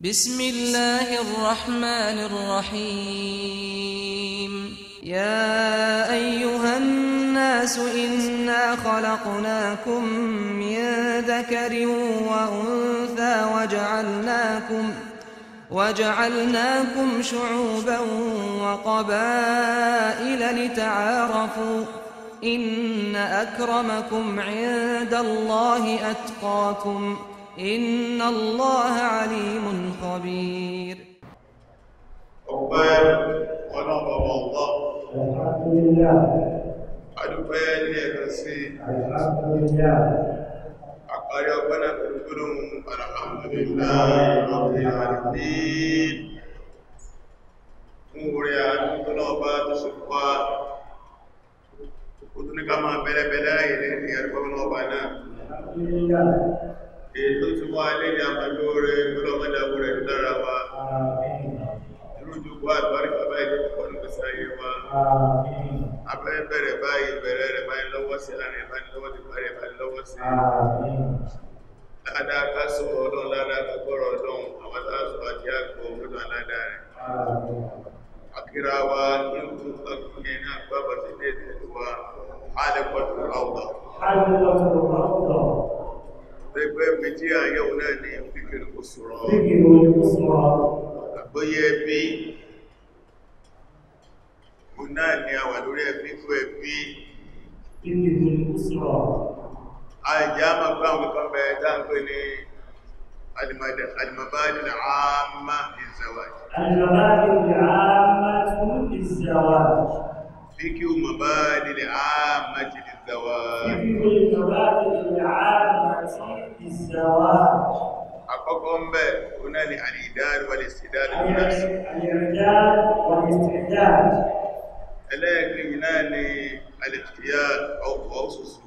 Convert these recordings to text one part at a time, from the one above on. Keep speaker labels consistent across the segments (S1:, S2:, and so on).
S1: بسم الله الرحمن الرحيم
S2: يا أيها الناس إنا خلقناكم من ذكر وأنثى وجعلناكم وجعلناكم شعوبا وقبائل
S1: لتعارفوا إن أكرمكم عند الله أتقاكم ۖ إن الله عليم خبير ọpẹ́
S2: ọlọ́pàá ọlọ́ adúpẹ́ ilé ẹ̀kọ́ sí
S1: àpárí ọgbọ́nà pẹ̀lú
S2: gbọ́nà alhamdulillahi alamin fún orí àdúgbọ́nà ọba tó ṣe fúwá ó tún ní ká máa bẹ̀rẹ̀ bẹ̀rẹ̀ ìrìn ìrìn àdúgbọ́nà ọba náà ètò tí wá ilé ní àpàjọ rẹ̀ ọlọ́mọdáwó rẹ̀ dára wa irúdùgbò àgbáríkà báyìí púpọ̀ ní gbèsè ayé wa abẹ́rẹ́ bẹ̀rẹ̀ báyìí bẹ̀rẹ̀ rẹ̀ báyìí lọ́wọ́ sí àárín báyìí lọ́wọ́ sí bẹ̀rẹ̀ báyìí lọ́wọ́ sí ládàá ká sọ̀rọ̀ ọlọ́run ládàá ká gbọ́rọ̀ ọlọ́run àwọn tá a sọ àti
S1: àgbọ̀ ọlọ́run aládàá rẹ̀ akíra wa ní ojú akínyẹ ní Ẹgbẹ́ mi tí àyẹ̀wò náà ní fíkìrì kò sọ̀rọ̀. Fíkìrì
S2: kò sọ̀rọ̀. Àgbóyé ẹbí. Mo náà ni àwà lórí ẹbí fún ẹbí. Fíkìrì kò sọ̀rọ̀. Àìjá máa gbá àwọn kan bẹ dáńgbé ní Alimabadi Àmà
S1: Ìzàwájì.
S2: ذكر مبادئ العامة للزواج ذكر المبادئ العامة للزواج àkọ́kọ́ ń bẹ̀ oná ni àlìdáàrí wà lè sídáàrí ẹlẹ́ẹ̀kìí náà ni alìtìyà ọkọ̀ ọ̀sùsù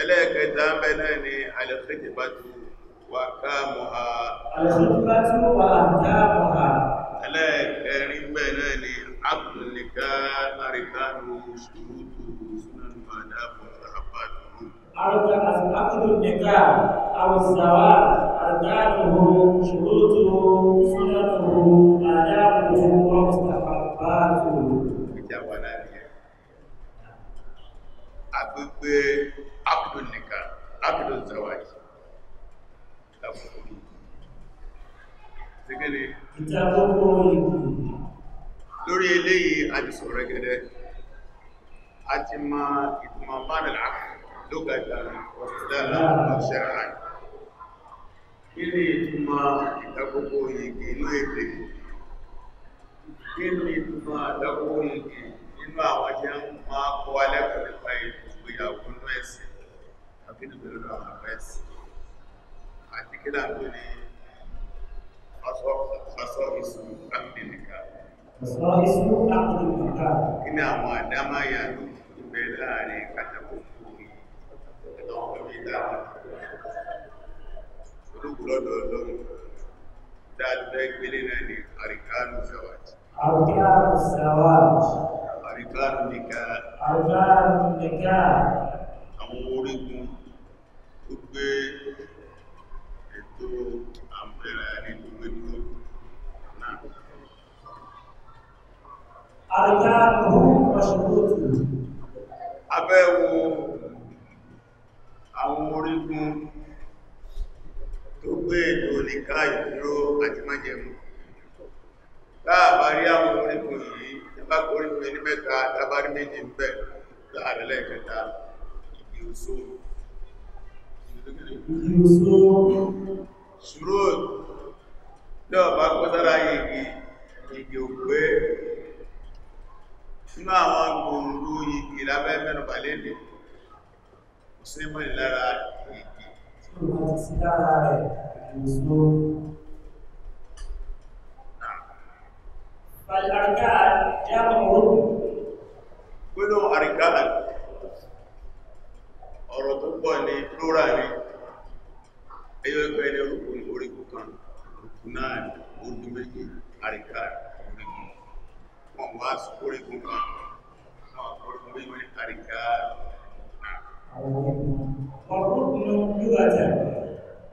S2: ẹlẹ́ẹ̀kẹta ń bẹ̀ náà ni alìtìbátú wà káàmù ha ẹlẹ́ẹ̀kẹrin
S1: عقد النكاح أو الزواج أركانه شروطه
S2: àwọn orígun tó gbé ètò àmúlẹ̀rẹ̀ ayé tó gbé dúró náà. Àrídáàbò ọ̀ṣọ́gbòtò. Abẹ́wò àwọn orígun tó gbé ètò nìká ìdúró àti májẹ̀mú. Láàbárí àwọn orígun yìí,
S1: ẹbá kò orígun ní mẹ́ta, tàbárí méjì ń bẹ̀rẹ̀ láàrẹ̀lẹ́ẹ̀kẹta ìdí oṣó ìdí oṣó ṣúrò náà bá kọ́sára igi
S2: igi òkúé nínú àwọn gbòǹdó igi lábẹ́ mẹ́rùnbà lédè kò sí mọ́ ìlara igi
S1: tí ó bá ti sí lára rẹ̀ ìdí oṣó فالأركان جمع ركن gbónà àríkàlà ọ̀rọ̀ tó pọ̀ ní plural rí ẹyọ ẹgbẹ́ ilẹ̀ orúkún
S2: orígun kan orúkún náà orígun méjì àríkàlà orígun wọn wá orígun kan náà orígun méjì wọn ní àríkàlà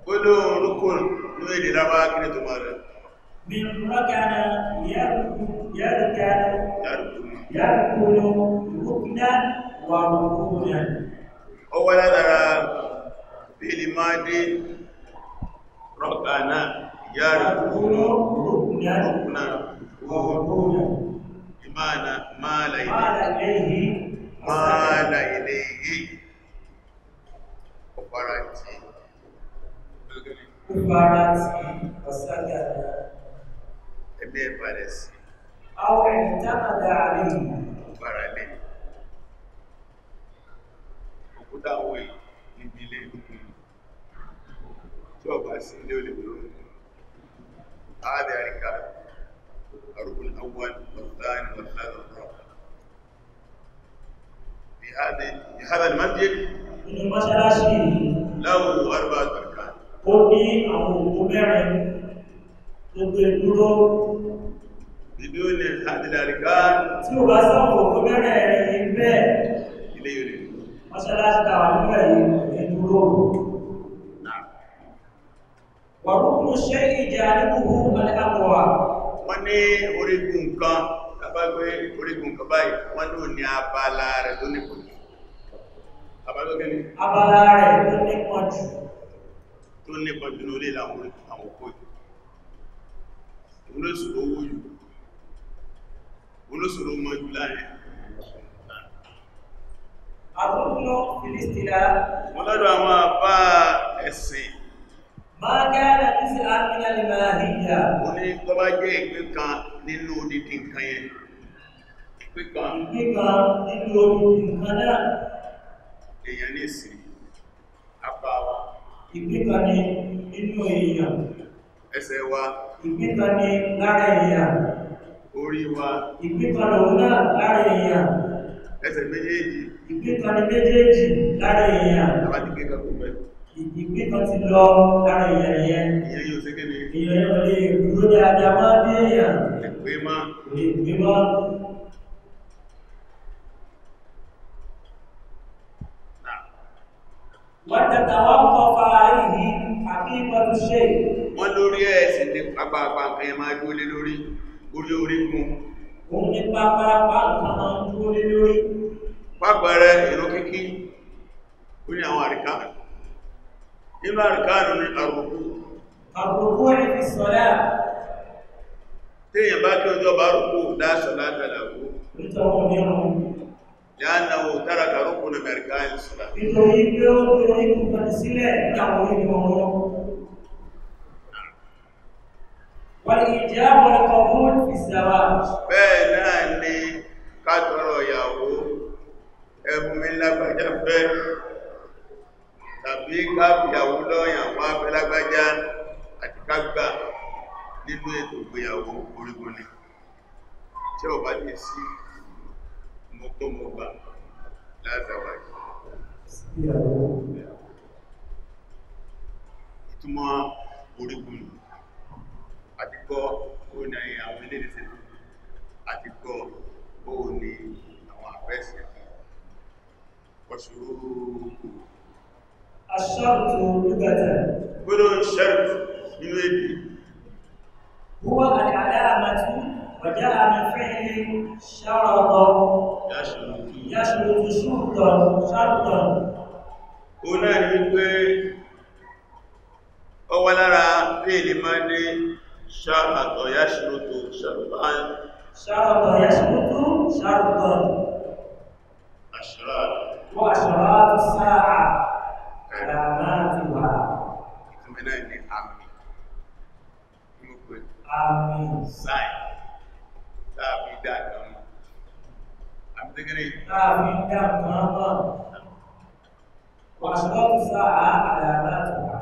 S2: Gbónà orúkún ní èdè lábá kí tó máa rẹ̀. Min rọ́kànà yàrùkúnù yàrùkúnù iná wà rúrú rẹ̀. Ó wá látara fílì máa dé rọ̀kànà yára rúrú rúrúnà rúrú ìmáàna máàlà ilé ẹgbẹ́ ìbálẹ̀ sí. Àwọn ìtàkàdà àríyìn. Ọ̀pára lẹ́yìn ó dáwọn èyí níbi ilé ìlúkùn tí ọba sí ilé olè mìíràn ààrẹ àríkà àrùkùn àwọn ọ̀tán ọ̀tán ọ̀tán
S1: في هذا المسجد له أربعة أركان
S2: بدون هذه الأركان إليه يريد
S1: mọ́sálásí tàwà nígbà yìí
S2: ẹ̀dù róòrù wà rúkú ṣe ìjà
S1: nígbùgbù alẹ́kàkọwà
S2: wọ́n ní orígun kan tàbágbé orígun kan báyìí wọ́n ní ò ní abala rẹ̀ tó nípò jù abala rẹ̀ tó nípò jù tó nípò jù lórí àwọn òkú ìwúlòsòrò owó àrùnú filistila wọ́n lọ́dọ̀ àwọn àbá ẹ̀sìn
S1: máa gáàrà tí sí àmìnà lè máa
S2: hìyà ó ní tó bá jẹ́ ìpín kan nínú odidi nǹkan yẹn ìpín kan nínú odidi nǹkan náà èèyàn ní ìsìn apá wa ìpín kan ní nínú èèyàn ẹsẹ̀ wa ìpín kan ní lára èèyàn orí wa ìpín kan náà lára èèyàn ẹsẹ̀ méjèèjì ìpínkan ní méjèèjì lára èèyàn ìpínkan ti lọ
S1: lára èèyàn yẹn èèyàn yóò sékè ní èèyàn yóò lè dúró dáadáa má bí èèyàn lè
S2: pé má lè pé má wọ́n tẹ̀tà wọ́n kọ́ fara yìí
S1: àbí ìbọ̀dù ṣe
S2: wọ́n lórí ẹ̀sìn ní pàpàpà nǹkan máa dúró lórí orí orí gun òun ní pàpàpà nǹkan máa dúró lórí pápẹẹrẹ ìrun kíkí ó ní àwọn àríkáàrù nínú àríkáàrù ní àrùkú àrùkú ní fi sọ́lá tíyàn bá kí ọjọ́ bá rùkú dáṣọ́ látàlàwó yánàwó táraka rùkú ní àríkáàrù sọ́lá nítorí pé ó kúrò ní kúrò sílẹ̀ láwọn ìgbọ̀n ìjẹ́ àwọn ọkọ̀ mú ìsẹ̀wà bẹ́ẹ̀ náà ni kájọ́rọ̀ ìyàwó ẹ̀bùn mi lágbàjá fẹ́ tàbí káàbìyàwó lọ́yàn wá fẹ́ lágbàjá àti kágbà nínú ètò ìgbéyàwó orígun ni tí ó bá lè sí mọ́kànmọ́gbà látàwàjá ìtumọ̀ orígun
S1: ni àti kọ́ òní àwọn ilé ìdíṣẹ́ àti kọ́ òní àwọn àfẹ́sẹ̀ وشروط الشرط لغة قولوا
S2: الشرط من وين هو
S1: العلامة وجاء من فعل شرط يشرط
S2: شرطا شرطا هنا نقول ọwọ́ lára fíìlì máa ní ṣáàtọ̀ yá ṣúrútù ṣàrùbáyé ṣáàtọ̀ yá ṣúrútù ṣàrùbáyé àṣírà وأشراط الساعة علاماتها آمين ساي آمين دا آمين دا وأشراط الساعة علاماتها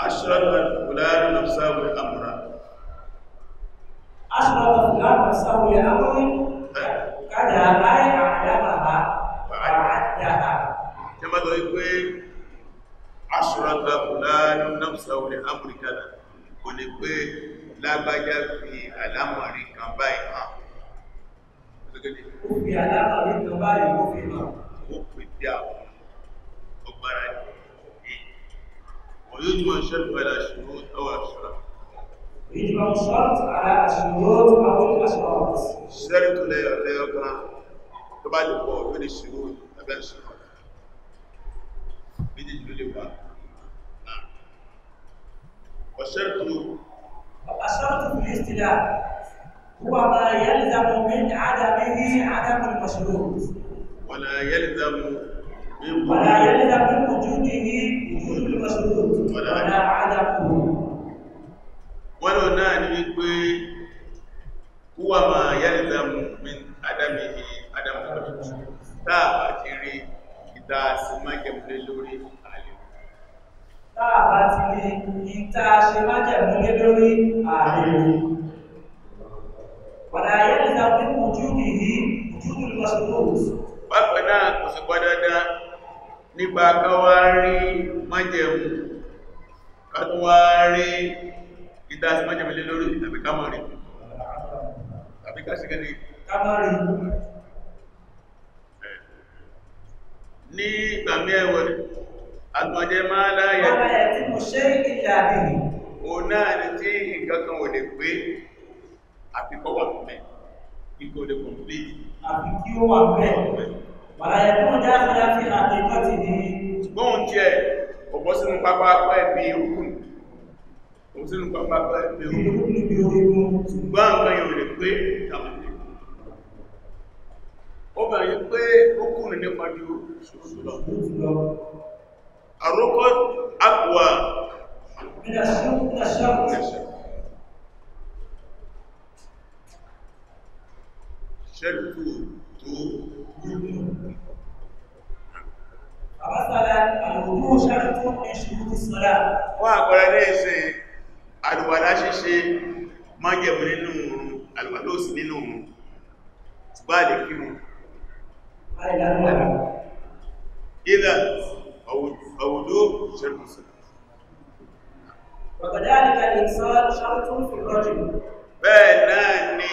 S2: أشرق فلان نفسه أمرا أشرق فلان
S1: نفسه أمرا أه. كان هاي tí a máa lọ wípé
S2: aṣọ́rọ̀gbà fúlàní náà ní amurika kò lè pé lágbájá fi àlámọ̀rí kan báyìí hàn ó fi àlámọ̀rí kan báyìí ó fi hàn ó pè tí àwọn ọgbàrá yìí ويجمع الشرط على الشروط أو الأشراط يجمع الشرط على الشروط أو الأشراط الشرط لا يعتبر تبع القوة من الشروط abẹ́rẹ́ sọ̀rọ̀ méjèèjì ló lè wà náà ọ̀ṣẹ́ tó. ọ̀ṣẹ́ tó fi lè
S1: sílá هو ما يلزم من عدمه عدم المشروط
S2: ولا يلزم من ولا يلزم من وجوده وجود المشروط ولا, ولا عدمه ولو نان يقول هو ما يلزم من عدمه عدم المشروط táàbà ti rí ìta sí májẹ̀múlé lórí àlè
S1: táàbà ti rí ìta ṣe májẹ̀múlé lórí àlè wàdà ayé ìta pé ojú nìyí ojú nìyí lọ́sọ̀lọ́wọ́
S2: bákan náà kò sì gbọ́ dandan nípa káwá rí májẹ̀mú káwá rí ìta sí májẹ̀múlé lórí tàbí kámọ̀rí tàbí ní ìgbà mẹ́wẹ̀ agbọ́jẹ́ máa láyẹ̀ tí mo ṣe ìlà àbìnrin o náà ni tí nǹkankan ò lè pé àfikọ́ wà mẹ́ ikú lè complete àfi kí ó wà mẹ́ wàláyẹ̀ tó ń já fẹ́lá fi àtẹ́kọ́ ti ní gbóhun jẹ́ ṣùgbọ́n nǹkan yóò lè pé tàbí ó bẹ̀rẹ̀ yí pé rúkùnù nípa ju
S1: ṣùgbọ́n àrókọ́ àpùwà ṣẹ́lùkù
S2: tó Àbátàlá àlùkú ṣẹ́rẹ̀ tó ní ṣùgbọ́n ti sọ́lá. Wọ́n àpẹẹrẹ ní ìsìn àlùwàlá ṣíṣe máa jẹ̀bù nínú òun, àlùwàlá òsì nínú òun, ṣùgbọ́n àlèkírùn-ún. إذا الوضوء شرط الصلاة وكذلك الإنسان شرط في الرجل bẹ́ẹ̀ náà ni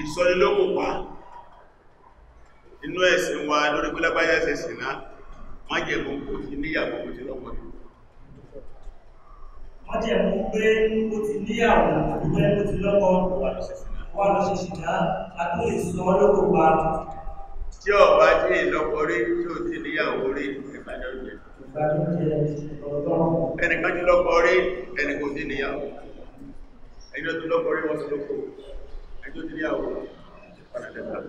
S2: ìsọlélókùnpá inú ẹ̀sìn wa lórí pílágbáyé ẹ̀sẹ̀ sínà wọ́n jẹ́ mú kò tí níyàwó kò tí lọ́pọ̀ ní
S1: wọ́n jẹ́ mú pé kò tí níyàwó kò tí lọ́pọ̀ wà lọ́sẹ̀ sínà tí ọba tí ìlọ́pọ̀ rí tí ò tí níyàwó rí ìbàdànjẹ́
S2: ẹnìkan tí lọ́pọ̀ rí ẹnì kò tí níyàwó ẹni tó lọ́pọ̀ rí wọ́n sí lọ́pọ̀ ẹni tó tí níyàwó ìbàdànjẹ́ Wọ́n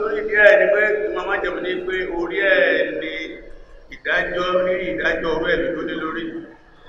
S2: tó ní díẹ̀ ni pé màmá jẹ̀mù ní pé orí ẹ̀ ni ìdájọ́ rí ìdájọ́ orí ẹ̀mí tó ní lórí.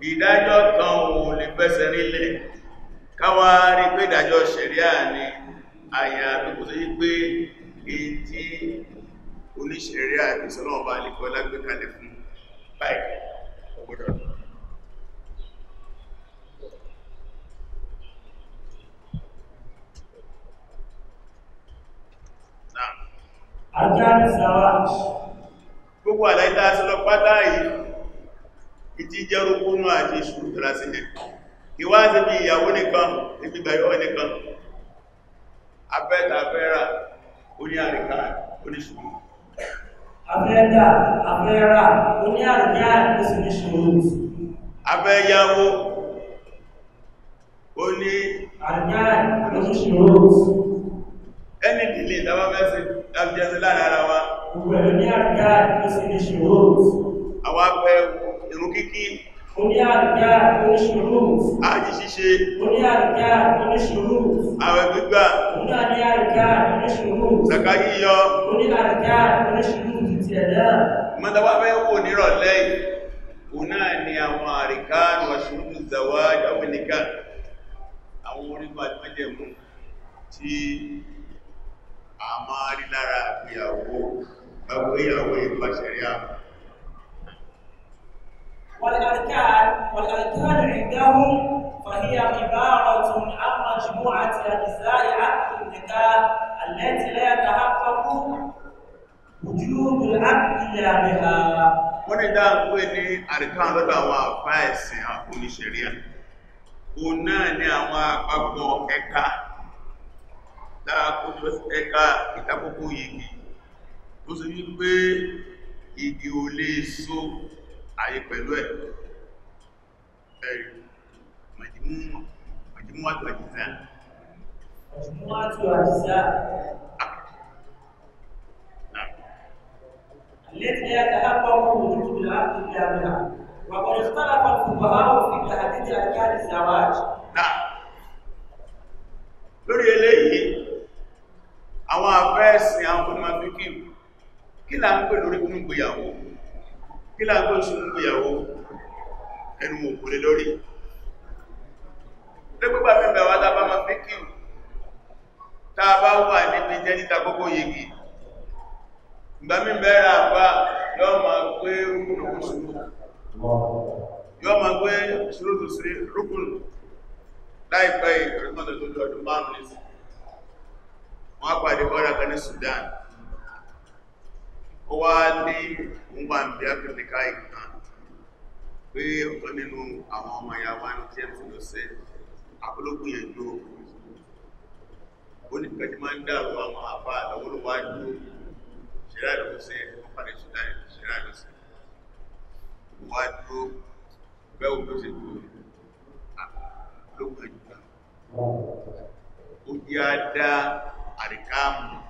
S2: ìdájọ́ kan ò lè fẹsẹ̀ nílẹ̀ káwà rí pé ìdájọ́ ṣẹ̀ríà ni àyà àbíkò tó yí pé èyí tí oníṣẹ̀ríà ìṣọ́lọ́wọ́ bá lè kọ́ lágbé kalẹ̀ fún báyìí ọgbọ́dọ̀ Adárísàwá. Gbogbo àlàídá aṣọ́lọ́pátá yìí ìtí jẹ́ rúgbónú àti ìṣòro tọ́lá sílẹ̀ ìwádìí bí ìyàwó nìkan ibi gbàyọ́ nìkan abẹ́ta abẹ́ra oní àríká oníṣòro abẹ́ta abẹ́ra oní àríká oníṣòro abẹ́yàwó oní àríká oníṣòro ẹni dìlé ìdábábẹ́sí láti jẹ́ sí láàrin ara wa àwọn abẹ́ ìrun kíkí oní àríkà oníṣòro ààjì ṣíṣe oní àríkà oníṣòro àwẹ̀ gbígbà oní àríkà oníṣòro zàká yíyọ oní àríkà oníṣòro títí ẹ̀dá mọ́tàwà fẹ́ wò nírọ̀lẹ́ òun náà ni àwọn àríkà wàṣúrù zàwà jáwẹ́nìkà àwọn orígun àtìmẹ́jẹ̀mú tí a máa rí lára àgbéyàwó àgbéyàwó ìpàṣẹ̀rí àmà
S1: والأركان والأركان عندهم فهي عبارة عن مجموعة أجزاء عقد الذكاء التي لا يتحقق وجود العقل
S2: إلا بها wọ́n ní dáàgbé ní àríkàn lọ́dọ̀ àwọn àfá ẹ̀sìn oníṣẹ̀ríà o náà ní àwọn àpapọ̀ ẹ̀ka dáàkójọ ẹ̀ka ìtàkókò yìí tó sì wípé igi ò lè so ayé pẹ̀lú ẹ̀ ẹ̀rì mọ̀jímọ̀ mọ̀jímọ̀ àti àjíṣà
S1: mọ̀jímọ̀ àti àjíṣà التي يتحقق وجود العبد كاملا وقد اختلف الفقهاء في تحديد اركان الزواج نعم
S2: lórí eléyìí àwọn àfẹ́ẹ̀sìn àwọn ọmọ fíkìm kí là ń pè lórí gbogbo ìyàwó kí láàbọ̀ sí mú ìyàwó ẹnu òkúlé lórí lẹ́gbẹ́gbà mẹ́bẹ̀ wá tàbá ma fi kí tàbá wà níbi jẹ́ níta gbogbo yìí ìgbà mẹ́bẹ̀ rà bá yọ́ ma gbé rúkùn yọ́ ma gbé ṣúrùtù sí rúkùn láìpẹ́ ìrìnmọ́tẹ̀ tó jọ ọdún márùn-ún wọ́n pàdé bọ́ra kan ní Sudan ó wá ní òǹgbà ń bí áfíríkà ìkan pé ọ̀tọ́ nínú àwọn ọmọ ìyá wa ní tí ẹ̀ tí ló sẹ́ àpológún yẹn dúró ó ní kẹjì máa ń dàrú àwọn àbá àlọ́wọ́lọ́wọ́ dúró ṣẹlá ló sẹ́ wọ́n parí ṣùgbọ́n ṣẹlá ló sẹ́ wá dúró bẹ́ẹ̀ ló ṣe dúró àpológún yẹn dúró ó yá dá àríkà mọ́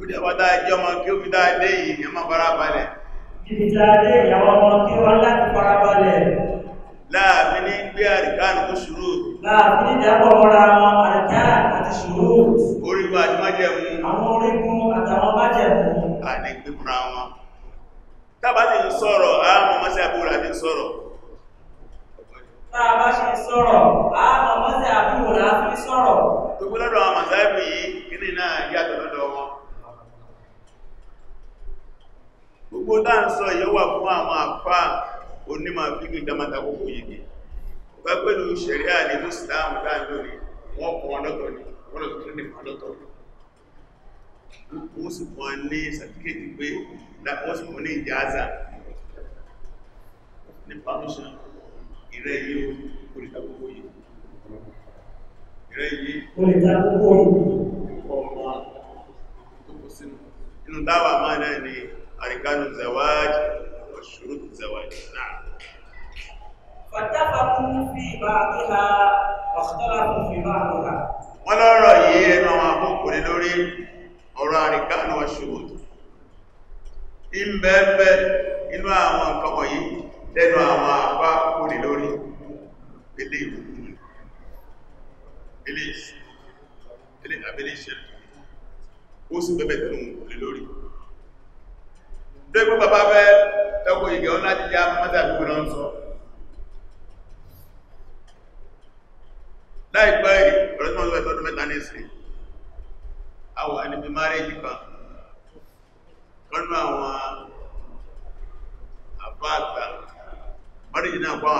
S2: ó dẹ̀ wọ́dá ẹjọ́ ọmọ kí ó fi dáadé yìí ẹmọ farabalẹ̀ ìfìtàdé ìyàwó ọmọ kí wọ́n láti farabalẹ̀ láàfin ní gbé àríkáàni tó ṣúrù láàfin ní ìjábọ̀ mọ́ra wọn àríkáà àti ṣúrù orígun àti májẹ̀mú àwọn orígun àtàwọn májẹ̀mú àní gbígbúra wọn tábà ti ń sọ̀rọ̀ àmọ́ mọ́sí àbúrò àti ń sọ̀rọ̀
S3: tábà ṣe sọ̀rọ̀ àmọ́ mọ́sí àbúrò àti ń sọ̀rọ̀ gbogbo
S2: lọ́dọ̀ àwọn màsáìbù yìí kí gbogbo dáńsọ yóò wà fún àwọn àpá onímọ̀ fíkì dámátà gbogbo yìí pẹ́ pẹ̀lú ṣẹ̀ríà ní ìsìláàmù dáńdó ni wọ́n kún wọn lọ́tọ̀ ni wọ́n lọ tún nìkan lọ́tọ̀ ni wọ́n sì fún wọn ní sàtíkẹ́tì pé wọ́n sì fún ní ìjáza ní pàmíṣàn ìrẹ́ yìí olùta gbogbo yìí ìrẹ́ yìí olùta gbogbo yìí ọmọ
S1: tó kó sínú inú dáwà máa náà ni أركان الزواج وشروط الزواج نعم فاتفقوا في بعضها واختلفوا
S2: في بعضها wọ́n lọ́rọ̀ yìí ẹnu àwọn àkókòrò lórí ọ̀rọ̀ àríkánù ọ̀ṣùgbò tí ń bẹ́ẹ̀bẹ́ inú àwọn ọ̀kọ̀kọ̀ yìí lẹ́nu àwọn àpá kòrò lórí ilé ìwòkúrò ilé ìṣẹ̀lẹ̀ ó sì bẹ́ẹ̀bẹ̀ tó ń kòrò lórí tẹ́gbẹ́ bàbá fẹ́ ẹkùn ìgẹ̀ ọ̀nà jíjá mọ́tà gbogbo náà sọ láìpẹ́ ọ̀rọ̀ tí wọ́n mẹ́ta ní ìsìn àwọn àníbi márẹ́jì kan lọ́nà àwọn àbáàgbà márẹ́jì náà kọ́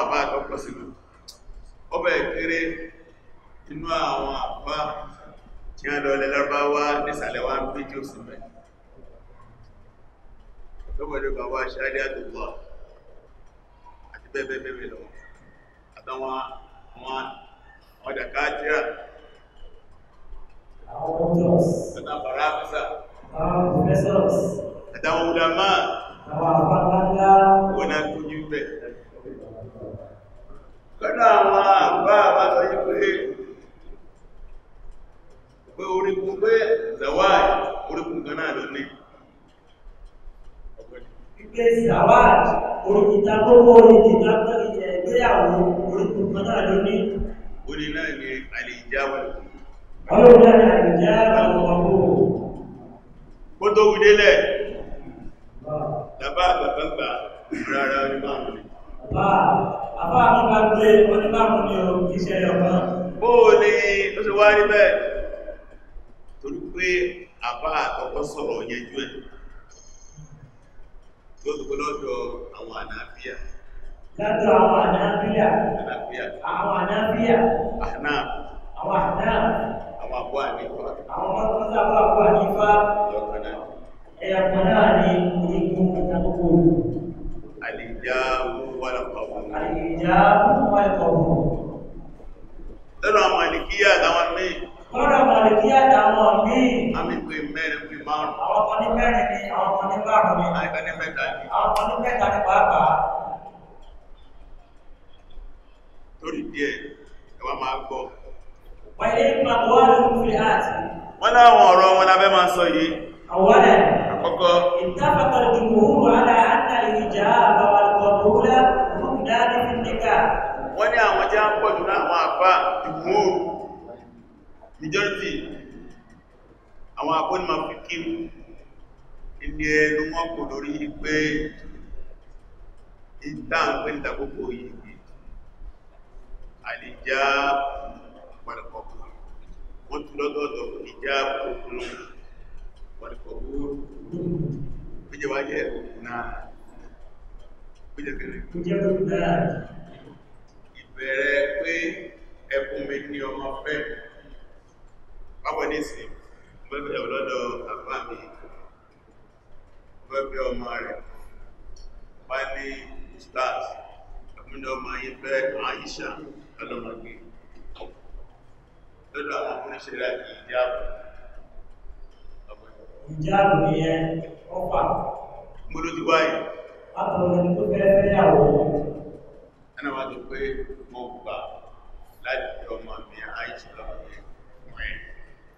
S2: àwọn kéré inú àwọn àbá tí wọ́n lọ bá wá nísàlẹ̀ wá ń jù sí lọ́mọdé bàbá ṣáàrí àdúgbò àti bẹ́ẹ̀bẹ́ẹ̀ lọ àtàwọn ọdàkáàtìrà àtàwọn ọdàmà wọn náà tó ní pẹ̀ kọ́nà àwọn àbá àbátọ̀ yí pé pé orí kún pé zawai orí kún kan náà lónìí wípé zawaj oríkìtà tó wọ oríkìtà ìgbéyàwó oríkùn kan náà ló ní. ó ní náà ní àlèjá wà lókùn. ọlọ́run náà ní àlèjá wà lókùn. kó tó wù délẹ̀ bàbá bàbá gbà rárá ní máa mú ni. bàbá bàbá mi bá gbé ọdún máa mú ni o kì í ṣe ọ̀pá. bó o ní ó ṣe wá rí bẹ́ẹ̀ torí pé àbá àkọ́kọ́ sọ̀rọ̀ yẹn jú ẹ̀ tó dùgbò lọ́dọ̀ àwọn ànábíà. lọ́dọ̀ àwọn ànábíà. ànábíà. àwọn ànábíà. àná. àwọn àná. àwọn àbọ̀ ànífà. àwọn mọ́tòmọ́tò àbọ̀ àbọ̀ ànífà. ẹ̀yọ̀kan náà. ẹ̀yọ̀kan náà ni igun ìdàgbò. àlìjáàmú wàlàkọ̀wọ̀. àlìjáàmú wàlàkọ̀wọ̀. lọ́dọ̀ àwọn àlìkíyà àtàwọn míì. lọ́dọ̀ àwọn àlìkíyà àtàwọn míì. àmì márùn. àwọn kan ní mẹ́rin ni àwọn kan ní márùn ni. àìkan ní mẹ́ta ni. àwọn kan ní mẹ́ta ni pàápàá. lórí díẹ̀ ẹ wá máa gbọ́. wọ́n ilé ìgbà tó wà lóhùn fi àti. wọ́n láwọn ọ̀rọ̀ wọn la fẹ́ máa sọ yìí. àwọn ẹ̀.
S1: àkọ́kọ́. ìtàkàtọ̀ ìdìbò
S2: wàhálà àtàlẹ̀ ìjà àbáwá kọ̀ọ̀dọ̀ wọ́n ní àwọn jẹ́ ń pọ̀ jù láwọn àfá ìwòrò majority àwọn abọ́nimọ̀ fìkí ilé ẹnu wọn kò lórí pé ìdáǹpé ìdàgbogbo yìí àlìjá pàdàkọ̀kọ̀ wọ́n tún lọ́dọ̀ọ̀dọ̀ ìjá òkun pàdàkọ̀kọ̀ péjẹwájẹ́ òkun náà péjẹkẹrẹ ìbẹ̀rẹ̀ pé ẹkùn mi ní ọmọ fẹ́ báwọn ní ìsìn pé bẹ́ẹ̀ ọlọ́dọ̀ àbá mi fẹ́ fẹ́ ọmọ rẹ̀ bá ní stars ẹ̀múdọ̀ ọmọ ayé fẹ́ Aisha ọlọ́mọgbé lọ́dọ̀ àwọn oníṣẹ́ rẹ̀ ìjáàbù ìjáàbù ni ẹ ọ̀pá mo ló ti wáyé látọ̀rọ̀ ẹni tó fẹ́ fẹ́yàwó ẹni wá tó pé mo gbà láti ọmọ mi Aisha ọlọ́mọgbé mọ́ ẹ̀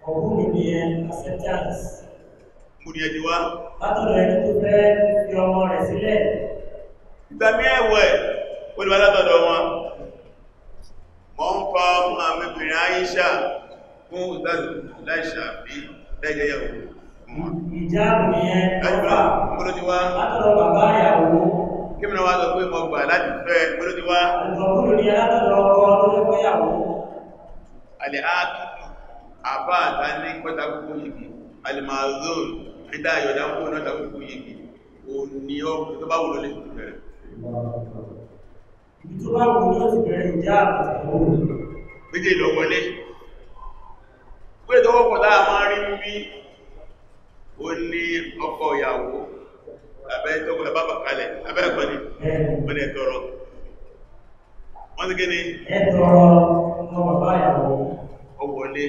S2: ọ̀hún nìyẹn acceptance. mo ní ẹni wá. látọ̀dọ̀ ẹni tó fẹ́ fi ọmọ rẹ̀ sílẹ̀. ìgbà mí ẹ̀wọ̀ ẹ̀ olùwà látọ̀dọ̀ wọn mọ́ ń fa ọmọ àmìbìnrin àyíṣà fún ìdáìṣà bí lẹ́yẹyẹ ìjà nìyẹn ọba látọ̀dọ̀ bàbá ìyàwó kí mìíràn wá sọ pé mọ̀ gbà láti fẹ́ gbọ́dọ̀ ti wá ọ̀pọ̀lọpọ̀ ní alátọ̀dọ̀ ọkọ tó fẹ́ fẹ́yàwó alẹ́ áàkì àbá àtàní kọta kúkú yìí alimazol ìdá àyọ̀dá kú náà ta kúkú yìí o ní ọkùn tó bá wù lọ lè ti bẹ̀rẹ̀
S1: ibi tó bá wù lọ ti bẹ̀rẹ̀ ìjà
S2: àtàkùn méjì lọ́wọ́lé wílé tó wọ́pọ̀ láà máa rí bí o ní ọkọ ìyàwó abẹ́ tọ́kùnlẹ̀ bá bàkalẹ̀ abẹ́ ẹ̀kọ́ ni wọ́n ni ẹ̀tọ́rọ wọ́n ti gẹ́ ni ẹ̀tọ́rọ ọmọ bàbá ìyàwó ọwọ́lé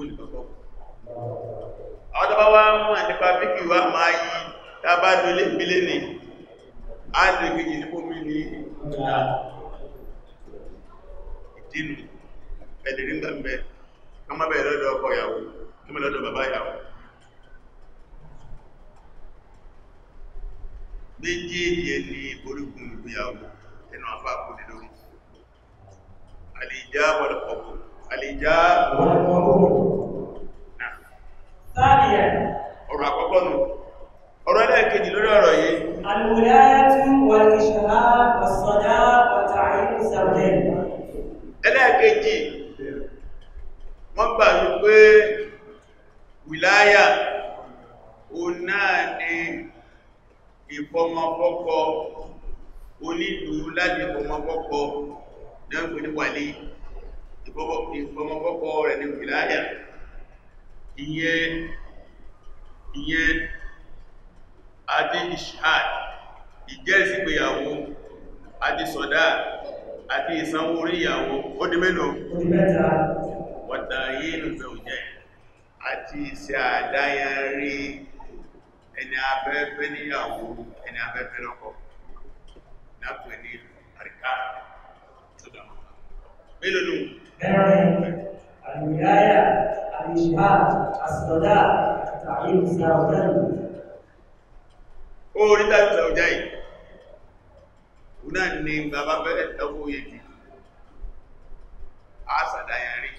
S2: olùkọ̀kọ́. àwọn tọ́bá wá mú ànípa fíkì wá máa yí tàbá lólé ìpínlẹ̀ ní àdìrí ìdíkòmí ní ìdínú ẹ̀dìrí ń gbẹ̀mẹ́ kọmọ bẹ̀rẹ̀ lọ́dọ̀ ọkọ ìyàwó kí mọ́ lọ́dọ̀ bàbá ìyàwó méjèèjì ẹni orígun ìgbéyàwó ẹnu àfáàkù nílòrùn àlè ìjà wọ́lọ̀pọ̀ الإجاب والقبول نعم ثانيا ọ̀rọ̀ àkọ́kọ́ nù ọ̀rọ̀ ẹlẹ́ẹ̀kejì lórí ọ̀rọ̀ yìí alùláyàtú wà ìṣẹ̀lá ọ̀sọ̀dá ọ̀tà ìlú sàbẹ̀ ẹlẹ́ẹ̀kejì wọ́n gbà ní pé wìláyà o náà ni ìfọmọpọ́pọ́ onílùú láti ìfọmọpọ́pọ́ náà pẹ̀lú wàlé ìfọmọkọ́kọ́ rẹ̀ ní wìláyà ìyẹn adé ishad ìjẹ́sí péyàwó adé sọ̀dá àti ìsanwó orí ìyàwó ó dé mélòó wọ̀tà yínú zẹ̀wòjẹ́ àti ìsẹ̀ àdáyàrí ẹni afẹ́fẹ́ níyàwó ẹni afẹ́fẹ́ lọ́kọ
S1: lápẹ̀ ní àríkà mélòó nù. mẹ́rin àlùyáyà àlùyá àsọdá àyè ìsàwọ̀dá nù.
S2: ó rí tábí ìsàwọ̀dá yìí òun náà ni bàbá fẹ́rẹ̀ lọ́wọ́ oyè jù á sàdáyà rí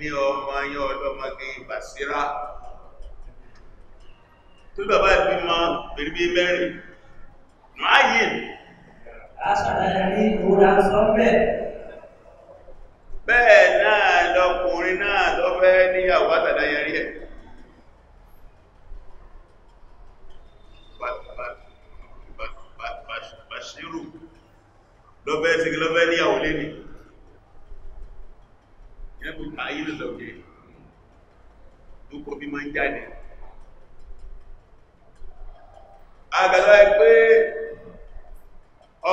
S2: ní ọmọ yín ọlọ́mọge ìbàsírá tó bàbá ìbí ma bèríbí mẹ́rin máyé bẹ́ẹ̀ náà lọkùnrin náà lọ́fẹ́ níyàwó àtàdáyẹrí ẹ̀ bàṣírù lọ́fẹ́ sí lọ́fẹ́ níyàwó lé ní ẹgbùn ayé lọ́gbẹ̀ẹ́ tó kọ́ bí máa ń jáde àgbàlọ́ ẹ pé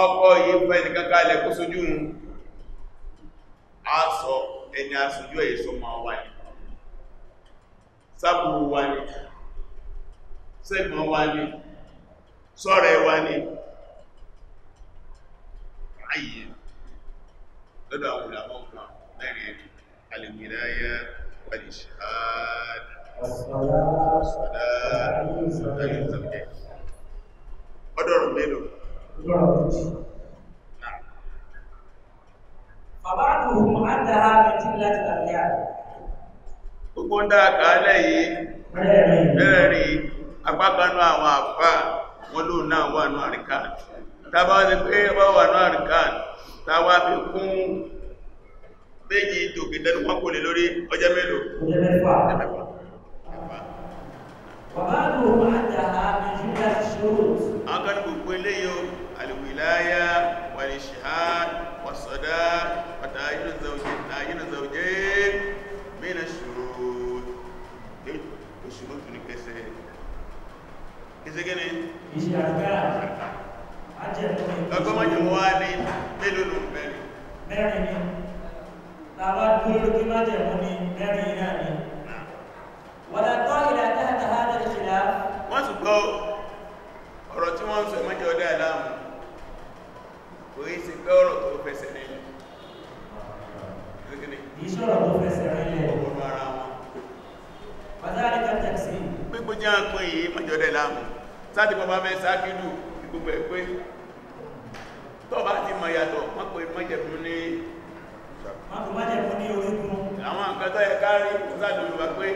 S2: ọkọ̀ yìí fẹ́ nìkan kalẹ̀ kó sójú mú a sọ ẹni aṣojú ẹ̀ sọ ma wà ní sábúrú wà ní sẹ́gbọ̀n wà ní sọ́rẹ̀ wà ní ayé lọ́dọ̀ àwọn ìlàmọ́ kan mẹ́rin ẹni alìmìnáyà alìṣàádì Assalamu alaikum. ń dáàkà alẹ́ yìí bẹ̀rẹ̀ rí apákanú àwọn àfá wọn ló náà wà ní àríkàn tàbá ti pé wọ́n wà ní àríkàn tàwà fi kún méjì tòkè tẹ́nu wọn kò lè lórí ọjọ́ mélòó àwọn kan gbogbo eléyìí o alìwìláyà wàlìṣìhá wàsọ̀dá pàtàkì ìrìnzẹ̀ òjò
S1: ìṣe kí ni ìṣe àgbára lọ́gbọ́n mọ́jẹ̀ mọ́ wá ní mélòó ló mẹ́rin mẹ́rin ni tàbá dúró kí mọ́jẹ̀ mọ́ ní mẹ́rin náà ni
S2: wọ́dà tọ́ ìlà tàbí hádà ìṣẹ̀lá wọ́n sì gbọ́ ọ̀rọ̀ tí tó fẹsẹ̀ nílẹ̀ ìṣọ́rọ̀ tó ara wọn pàtàkì kàtàkì sí gbígbó jẹ́ àpọ̀ yìí mọ́jẹ̀ ọdá sáti bọ́ bá fẹ́ sáàkìdù gbogbo ẹ̀ pé tó bá ti mọ̀ yàtọ̀ wọ́n pè mọ́jẹ̀mú ní àwọn nǹkan tó yẹ kárí sáàdù yorùbá pé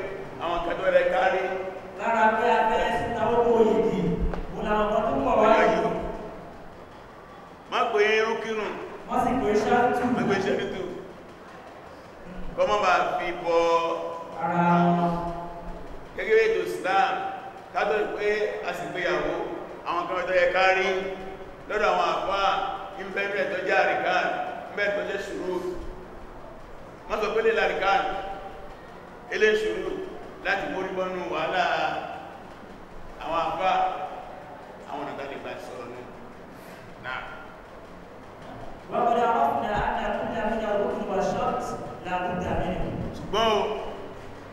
S2: àwọn nǹkan tó yẹ kárí lára pé abẹ́ sínáwó òyìnbí mo làwọn kan tó pọ̀ wáyé má pè é rúkìrùn má sì pè é ṣáàtù má pè é ṣáàtù kọ́mọ́ bá fi bọ́ ara wọn gẹ́gẹ́ bí ètò Islam kátó pé a sì gbéyàwó àwọn kan tó yẹ kárí lọ́dọ̀ àwọn àfá ìfẹ́mẹ́ tó jẹ́ àríkán mẹ́ tó jẹ́ ṣùrù wọ́n sọ pé lè láríkán ilé ṣùrù láti mórí bọ́nú wàhálà àwọn àfá àwọn ìdádé bá sọ̀rọ̀ ní náà ṣùgbọ́n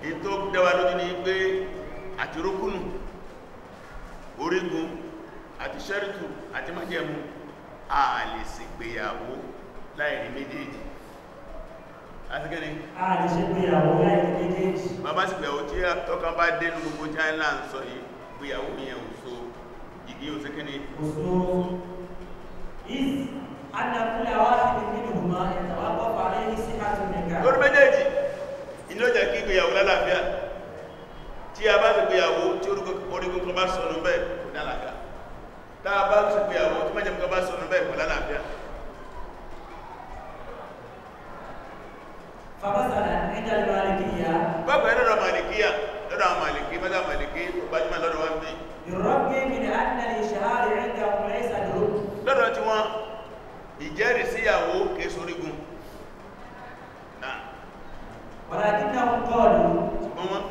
S2: ètò dẹwà lójú ní pé àti rúkúnù orígun àti ṣẹ́rìtù àti májẹ̀mú a lè ṣègbéyàwó láìrí méjèèjì àtíkẹ́ni a lè ṣègbéyàwó láìrí méjèèjì bàbá sì gbẹ̀wò tí tọ́ka bá dé ní gbogbo china ń sọ yìí gbéyàwó yẹn ò so ìgbé ò síkẹ́ni ò so is anàkúlẹ̀ àwọn àti ìpínlẹ̀ ìgbìmọ̀ ẹ̀tàwà tí a bá ti gbéyàwó tí orígun kan bá sọ̀rọ̀ bẹ́ẹ̀ kò ní àlàáfíà tá a bá ti gbéyàwó tí mẹ́jẹ̀ kan bá sọ̀rọ̀ bẹ́ẹ̀ kò ní àlàáfíà bákan ẹ̀rọ ọ̀rọ̀ màlìkíyà lọ́dọ̀ àwọn màlìkí mẹ́ta màlìkí gbajúmọ̀ lọ́dọ̀ wọn bí lọ́dọ̀ tí wọ́n ìjẹ́rìí síyàwó kìí sorígun náà wọ́n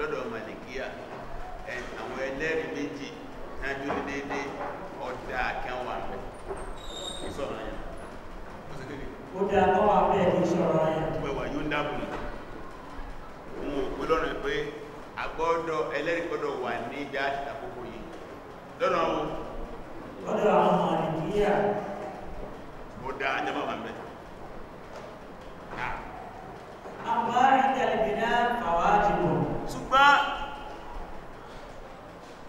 S2: lọ́dọ̀ malikiya àwọn ẹlẹ́rìí méjì náà dúró déédéé ọ̀dà àkẹ́wà rẹ̀ ìsọ̀rọ̀ yẹn ó dá lọ́wọ́ abẹ́ kí sọ̀rọ̀ yẹn wẹ̀wà yóò dábò ní òun òpin lọ́nà pé agbọ́dọ̀ ẹlẹ́rìí gbọ́dọ̀ wà ní ibi àṣìtàkókò yìí lọ́nà o lọ́dọ̀ àwọn ọmọ nìkíyà ó dá ajọ́mọ́ wà ń bẹ̀ àwọn ìtẹ̀lẹ̀gbẹ̀dá fàwájìbò ṣùgbọ́n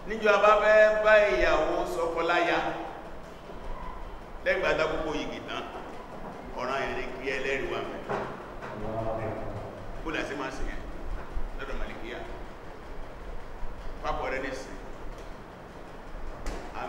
S2: níjọ abábẹ́ bá ìyàwó sọkọláyà lẹ́gbàdá púpò yìí tán ọ̀ràn ìrìn kí ẹlẹ́rìí wà mẹ́ kúlẹ̀ sí máa sì yẹn lọ́dọ̀ màlìkíyà pápọ̀ rẹ̀ nìsìn à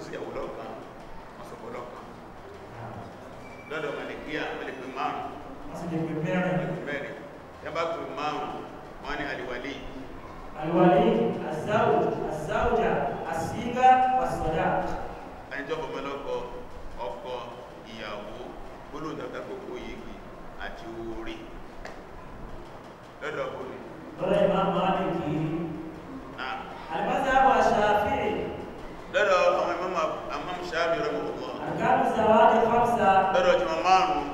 S2: wọ́n sì yàwó lọ́kàn wọ́n sọ̀kọ́ lọ́kàn lọ́dọ̀ malikiya malikpe márùn-ún yàbá pè márùn-ún wọ́n ni aliwali aliwali azáwò azáwòjá asíga wasọ̀dá ẹjọ́ bọ̀mọ́lọ́kọ ọkọ ìyàwó gbólóòdàgbà kòkó yìí àti orí lọ́dọ̀ bọ̀lẹ̀ lọ́dọ̀ ìmá máa ní kìí lọ́dọ̀ tí wọ́n márùn-ún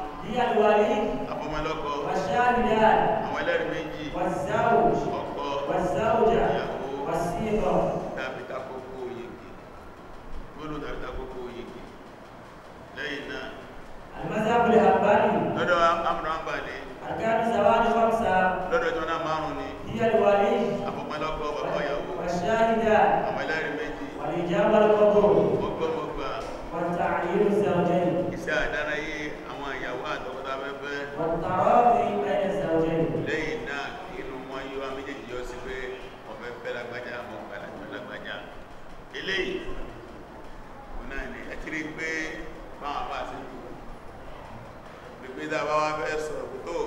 S2: àbọ̀mọlọ́kọ àwọn ẹlẹ́rìí méjì ọkọ ìyàwó tàbí takókó oyèké gbọ́dọ̀ tàbí takókó oyèké lẹ́yìn náà almazhabul hanbali lọ́dọ̀ amúra ń balẹ̀ àkáàdù sàwádìí fọ́mùsà lọ́dọ̀ tí wọ́n náà márùn-ún ni ìyàlùwárí àbọ̀mọlọ́kọ bàbá ìyàwó àwọn ẹlẹ́rìí méjì wàlìjá mọ́lọ́kọ́ iṣẹ́ àdárayé àwọn ìyàwó àtọkọta fẹ́fẹ́ lẹ́yìn náà inú wọn yíó wá méjèèjì yọ sí pé ọ̀fẹ́ fẹ́ lágbájá àwọn ọ̀gbàlagbà lágbájá eléyìí òun náà ni ẹ̀kiri pé báwọn bá sí pípé dábá wá fẹ́ sọ̀rọ̀ tó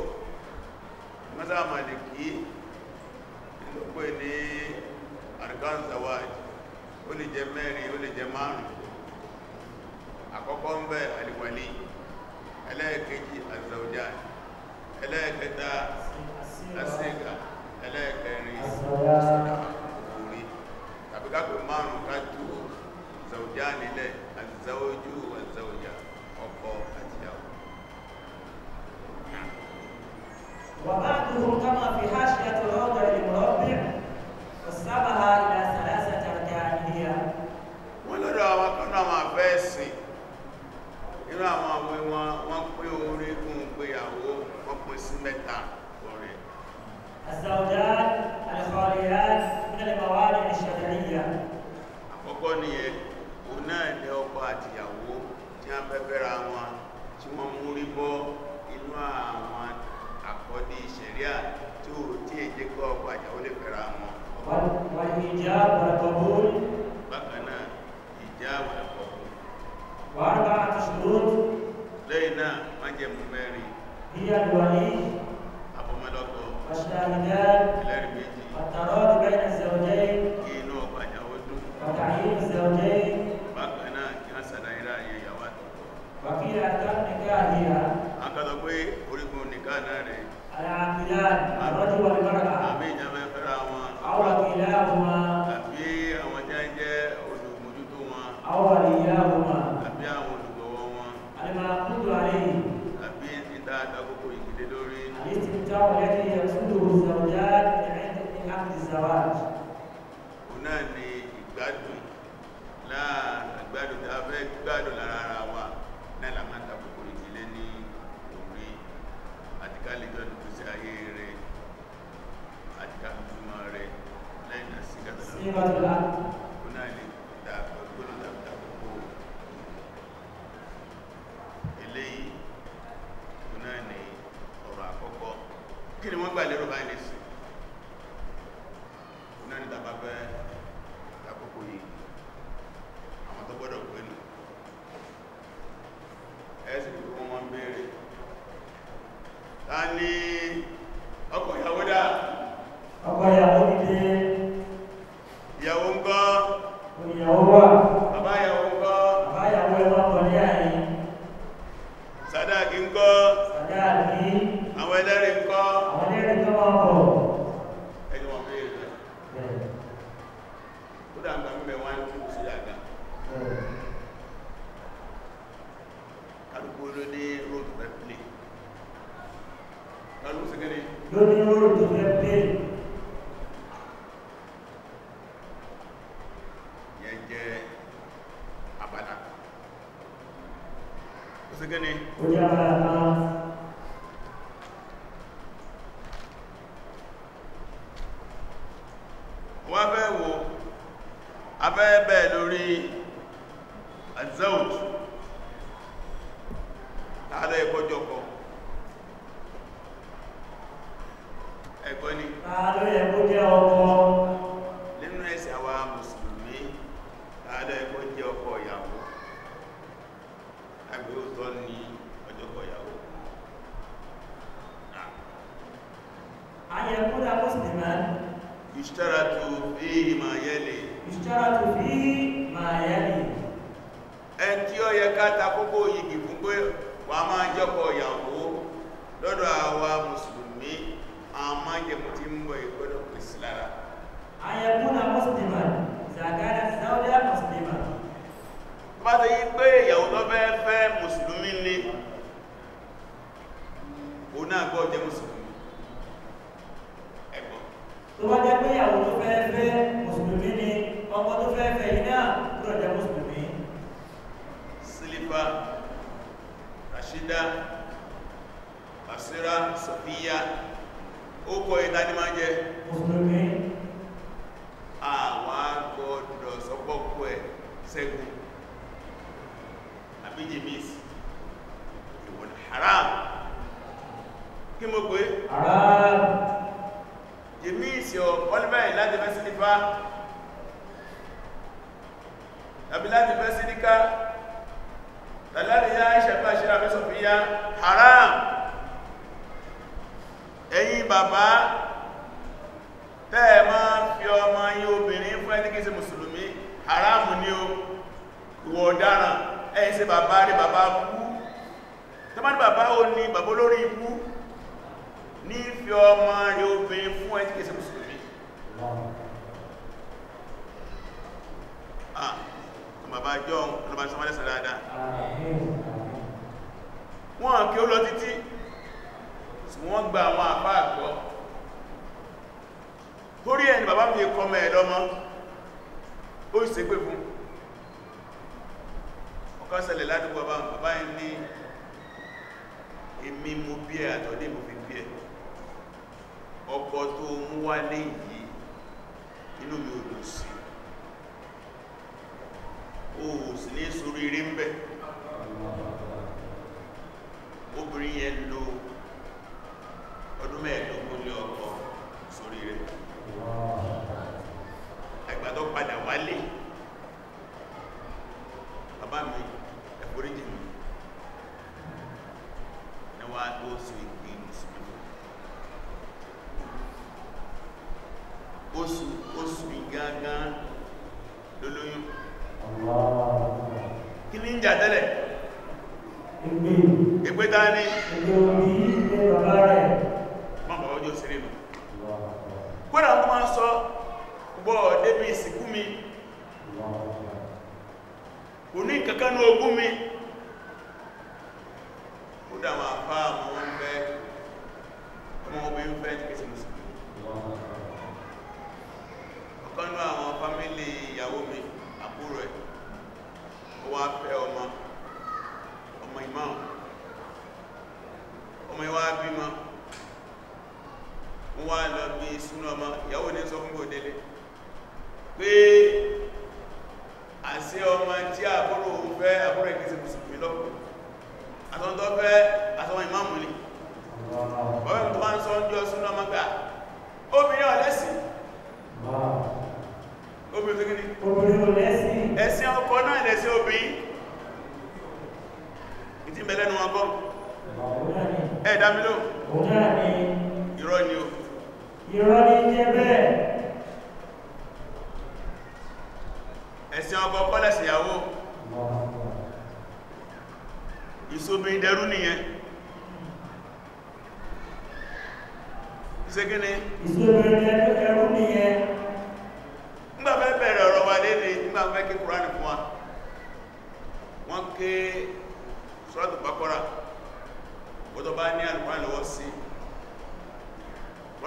S2: lè jẹ mẹ́rin ó lè jẹ márùn àkọ́kọ́ ń bẹ àlìwàlì ẹlẹ́ẹ̀kejì àzàwòjá ẹlẹ́ẹ̀kẹta àṣíkà ẹlẹ́ẹ̀kẹrin orí tàbí kápẹ márùn kájú àzàwòjá nílẹ̀ àzàwòjú àzàwòjá ọkọ àtìyàwó
S1: وبعضهم كما في حاشية العودة للمربع
S2: وسبها إلى ثلاثة أركان هي. ما فاسد irú àwọn àwọn wọn wọ́n pé orí fún ìgbéyàwó wọ́n pín sí mẹ́ta orí.
S1: الزوجات الخاليات من الموانع الشرعية.
S2: àkọ́kọ́ nìyẹn òun náà ní ọkọ àtìyàwó tí wọ́n fẹ́ fẹ́ra wọn tí wọ́n mú rí wọ́n fẹ́ wo abe bẹ̀ lórí azout tààdọ̀ ẹ̀kọ́jọpọ̀ ẹ̀kọ́ ni jọ́kọ̀ ìyàwó lọ́dọ̀ àwa mùsùlùmí àwọn májẹ̀mú tí ń bọ̀ ìgbọ́dọ̀ pèsè lára ayẹkúnà mùsùlùmá zàgádà sáwọ́dá mùsùlùmá bá ti yí pé ìyàwó tó fẹ́ fẹ́ mùsùlùmí ni o náà gbọ́ jẹ́ mùsùlùmí
S1: ẹ̀gbọ́n tó bá jẹ́ pé ìyàwó tó fẹ́ fẹ́ mùsùlùmí ni ọkọ tó fẹ́
S2: fẹ́ yìí náà gbọ́dọ̀ Hinda Basira Safiya ó kọ ìta ní máa jẹ́ mùsùlùmí àwọn agbọ́dọ̀ sọpọ́pọ̀ ẹ̀ sẹ́gun àbí jìmís ìwọ̀n haram kí mo pé haram jìmís yọ ọlọ́bẹ̀ láti fẹ́ sí nípa àbí láti fẹ́ sí níká tàlẹ́rì yá ìṣẹ̀fẹ́ àṣírà fẹ́ sọ̀fíyá haram ẹ̀yin bàbá tẹ́ẹ̀ máa fi ọmọ yí obìnrin fún ẹni kìí ṣe mùsùlùmí haram ni o ìwọ̀ ọ̀daràn ẹ̀yin ṣe bàbá rí bàbá kú tọ́mọ́ ní bàbá ó ní bàbá olórí ikú ní fi ọmọ rí obìnrin fún ẹni kìí ṣe ah bàbá jọun ọlọ́bà sọmọdé sàdáadà wọ́n kí ó lọ títí tí wọ́n gba àwọn àpá àkọ́ torí ẹni bàbá mi kọmọ ẹ̀ lọ́mọ ó sì pé fún ọkàn ṣẹlẹ̀ ládùúgbò bàbá bàbá yìí ní èmi mo bí ẹ àtọ́dé mo fi bí ẹ ọkọ̀ tó mú wálé yìí inú mi ò dùn sí o ò sí ní sórí rí ń bẹ̀ obìnrin yẹn lo ọdún mẹ́rin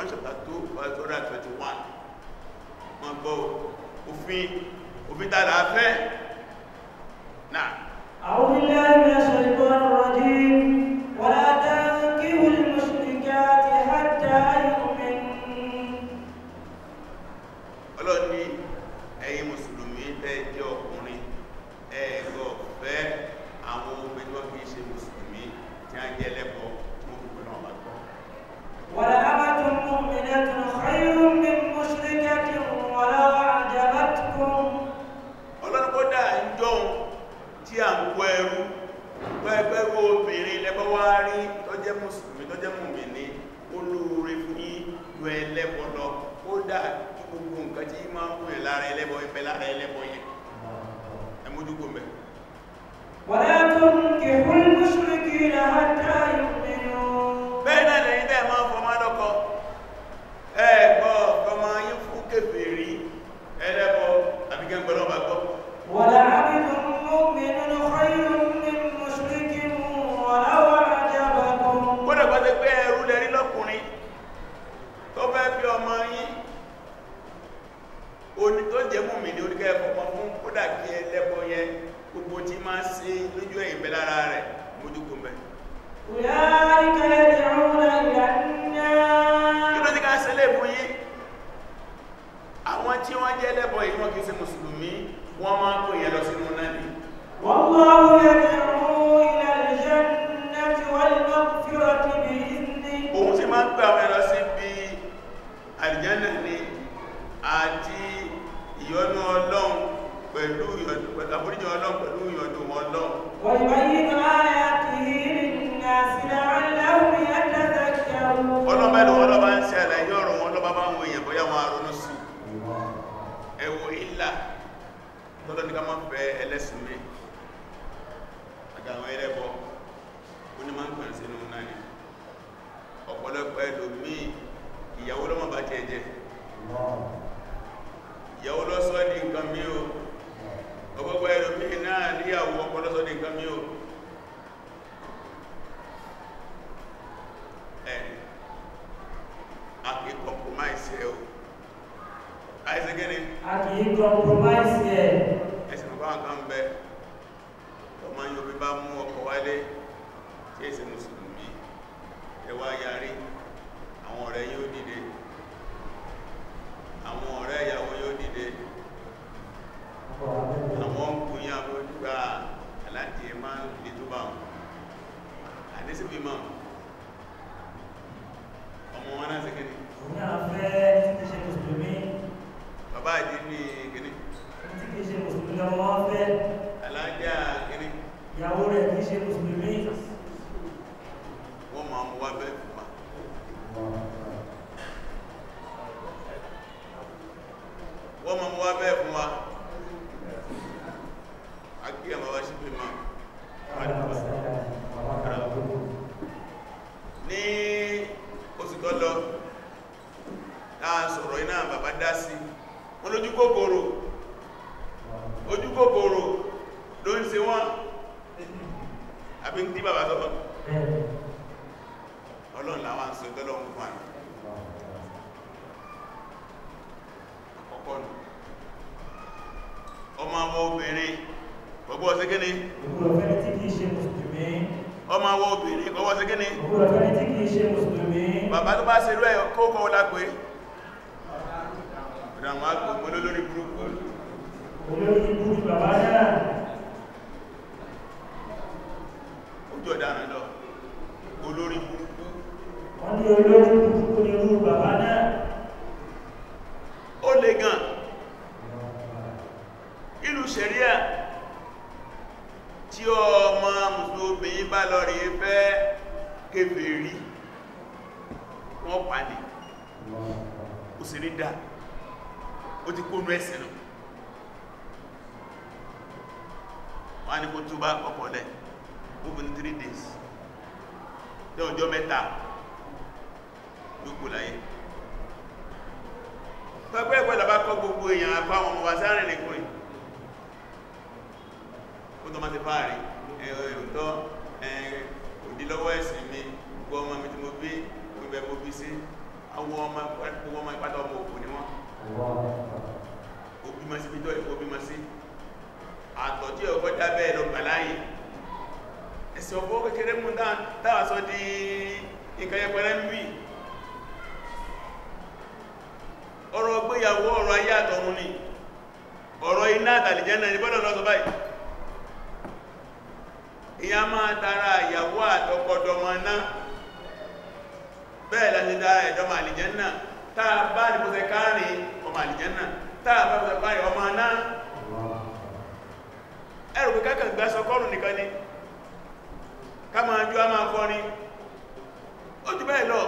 S2: Quran chapter 2 verse 121 wọ́n gbọ́ òfin òfin tààdà fẹ́ náà àwọn ilẹ̀ ẹgbẹ́ ṣe ìgbọ́n
S1: rọ̀dí
S2: ìlú ẹlẹ́bọ lọ ó dà kí gbogbo nǹkan tí máa ń wùyẹ̀ lára ẹlẹ́bọ ìfẹ́ lára ẹlẹ́bọ yẹn ẹmójúkò mẹ́ wọ́n látọ́ kẹfún mọ́ṣúrẹ́kì rẹ̀ oní tó jẹ́ mú mi ní oríkẹ́ ọmọ fún kódà kí ẹ lẹ́bọ yẹn gbogbo tí máa ń sí lójú ẹ̀yìn bẹ lára rẹ̀ mójúkú mẹ́ àwọn tí wọ́n jẹ́ lẹ́bọ yìí wọ́n kìí ṣe mùsùlùmí wọ́n máa ń kó ìyẹn lọ sínú náà ni wọ́n lọ́wọ́ yẹ̀dẹ̀rún ilẹ̀ ìṣẹ́
S1: ní wọ́n lọ́wọ́ fíọ́tí bí
S2: i àti ìyọ́nú ọlọ́run pẹ̀lú àforíjì ọlọ́run pẹ̀lú ìyọ́nú ọlọ́run ọlọ́bẹ̀lú ọlọ́bà ń ṣe àlàyé ọ̀rọ̀ wọn lọ́bà bá ń wo èèyàn bóyá wọn àrónú sí ẹ̀wọ̀ ìlà tọ́lọ́ ní ká máa fẹ́ ẹlẹ́sìn mi àgàwọn ẹlẹ́bọ ó ní máa ń pẹ̀lú sínú náà ni ọ̀pọ̀lọpọ̀ ẹlòmíì ìyàwó lọ́mọ̀ bá jẹ́ jẹ́ ìyàwó lọ́sọ́ di nǹkan mí o ọgbọ́gbọ́ ẹlòmí náà níyàwó ọpọlọ́sọ́ di nǹkan mí o days ní ọjọ́ mẹ́ta lókù láyé pẹ́pẹ́ ìpẹ́lẹ̀ bá kọ́ gbogbo èèyàn apá àwọn ọmọ wa sáàrin nìkùnrin ó tọ́ máa ti fáàrí ẹ̀rọ ìrùntọ́ òdílọ́wọ́ ẹ̀sìn mi gbogbo ọmọ mi tí mo bí gbogbo ẹ̀mọ́ bí sí àwọn ọmọ ìpátá ọmọ òkú ni wọ́n òbí ma sí pítọ́ ìfọ́ bí ma sí àtọ̀ tí ọkọ̀ dábẹ́ lọ gbà láyé ẹ̀sìn ọgbọ́ kékeré mú dáwà sọ di nǹkan yẹpẹrẹ ń bí ọ̀rọ̀ gbéyàwó ọ̀rọ̀ ayé àtọ̀run ni ọ̀rọ̀ iná àtàlìjẹ́ náà ni bọ́dọ̀ lọ́sọ báyìí ìyá máa tara ìyàwó àtọkọdọmọ náà bẹ́ẹ̀ láti dára ẹ̀dọ́mọ àlìjẹ́ náà táà bá ní mọ́sẹ̀ káàrin ọmọ àlìjẹ́ náà táà bá mọ́sẹ̀ káàrin ọmọ náà ẹrù pé kákàgbà nìkan ni ká máa jó a máa kọrin ó jù bẹ́ẹ̀ lọ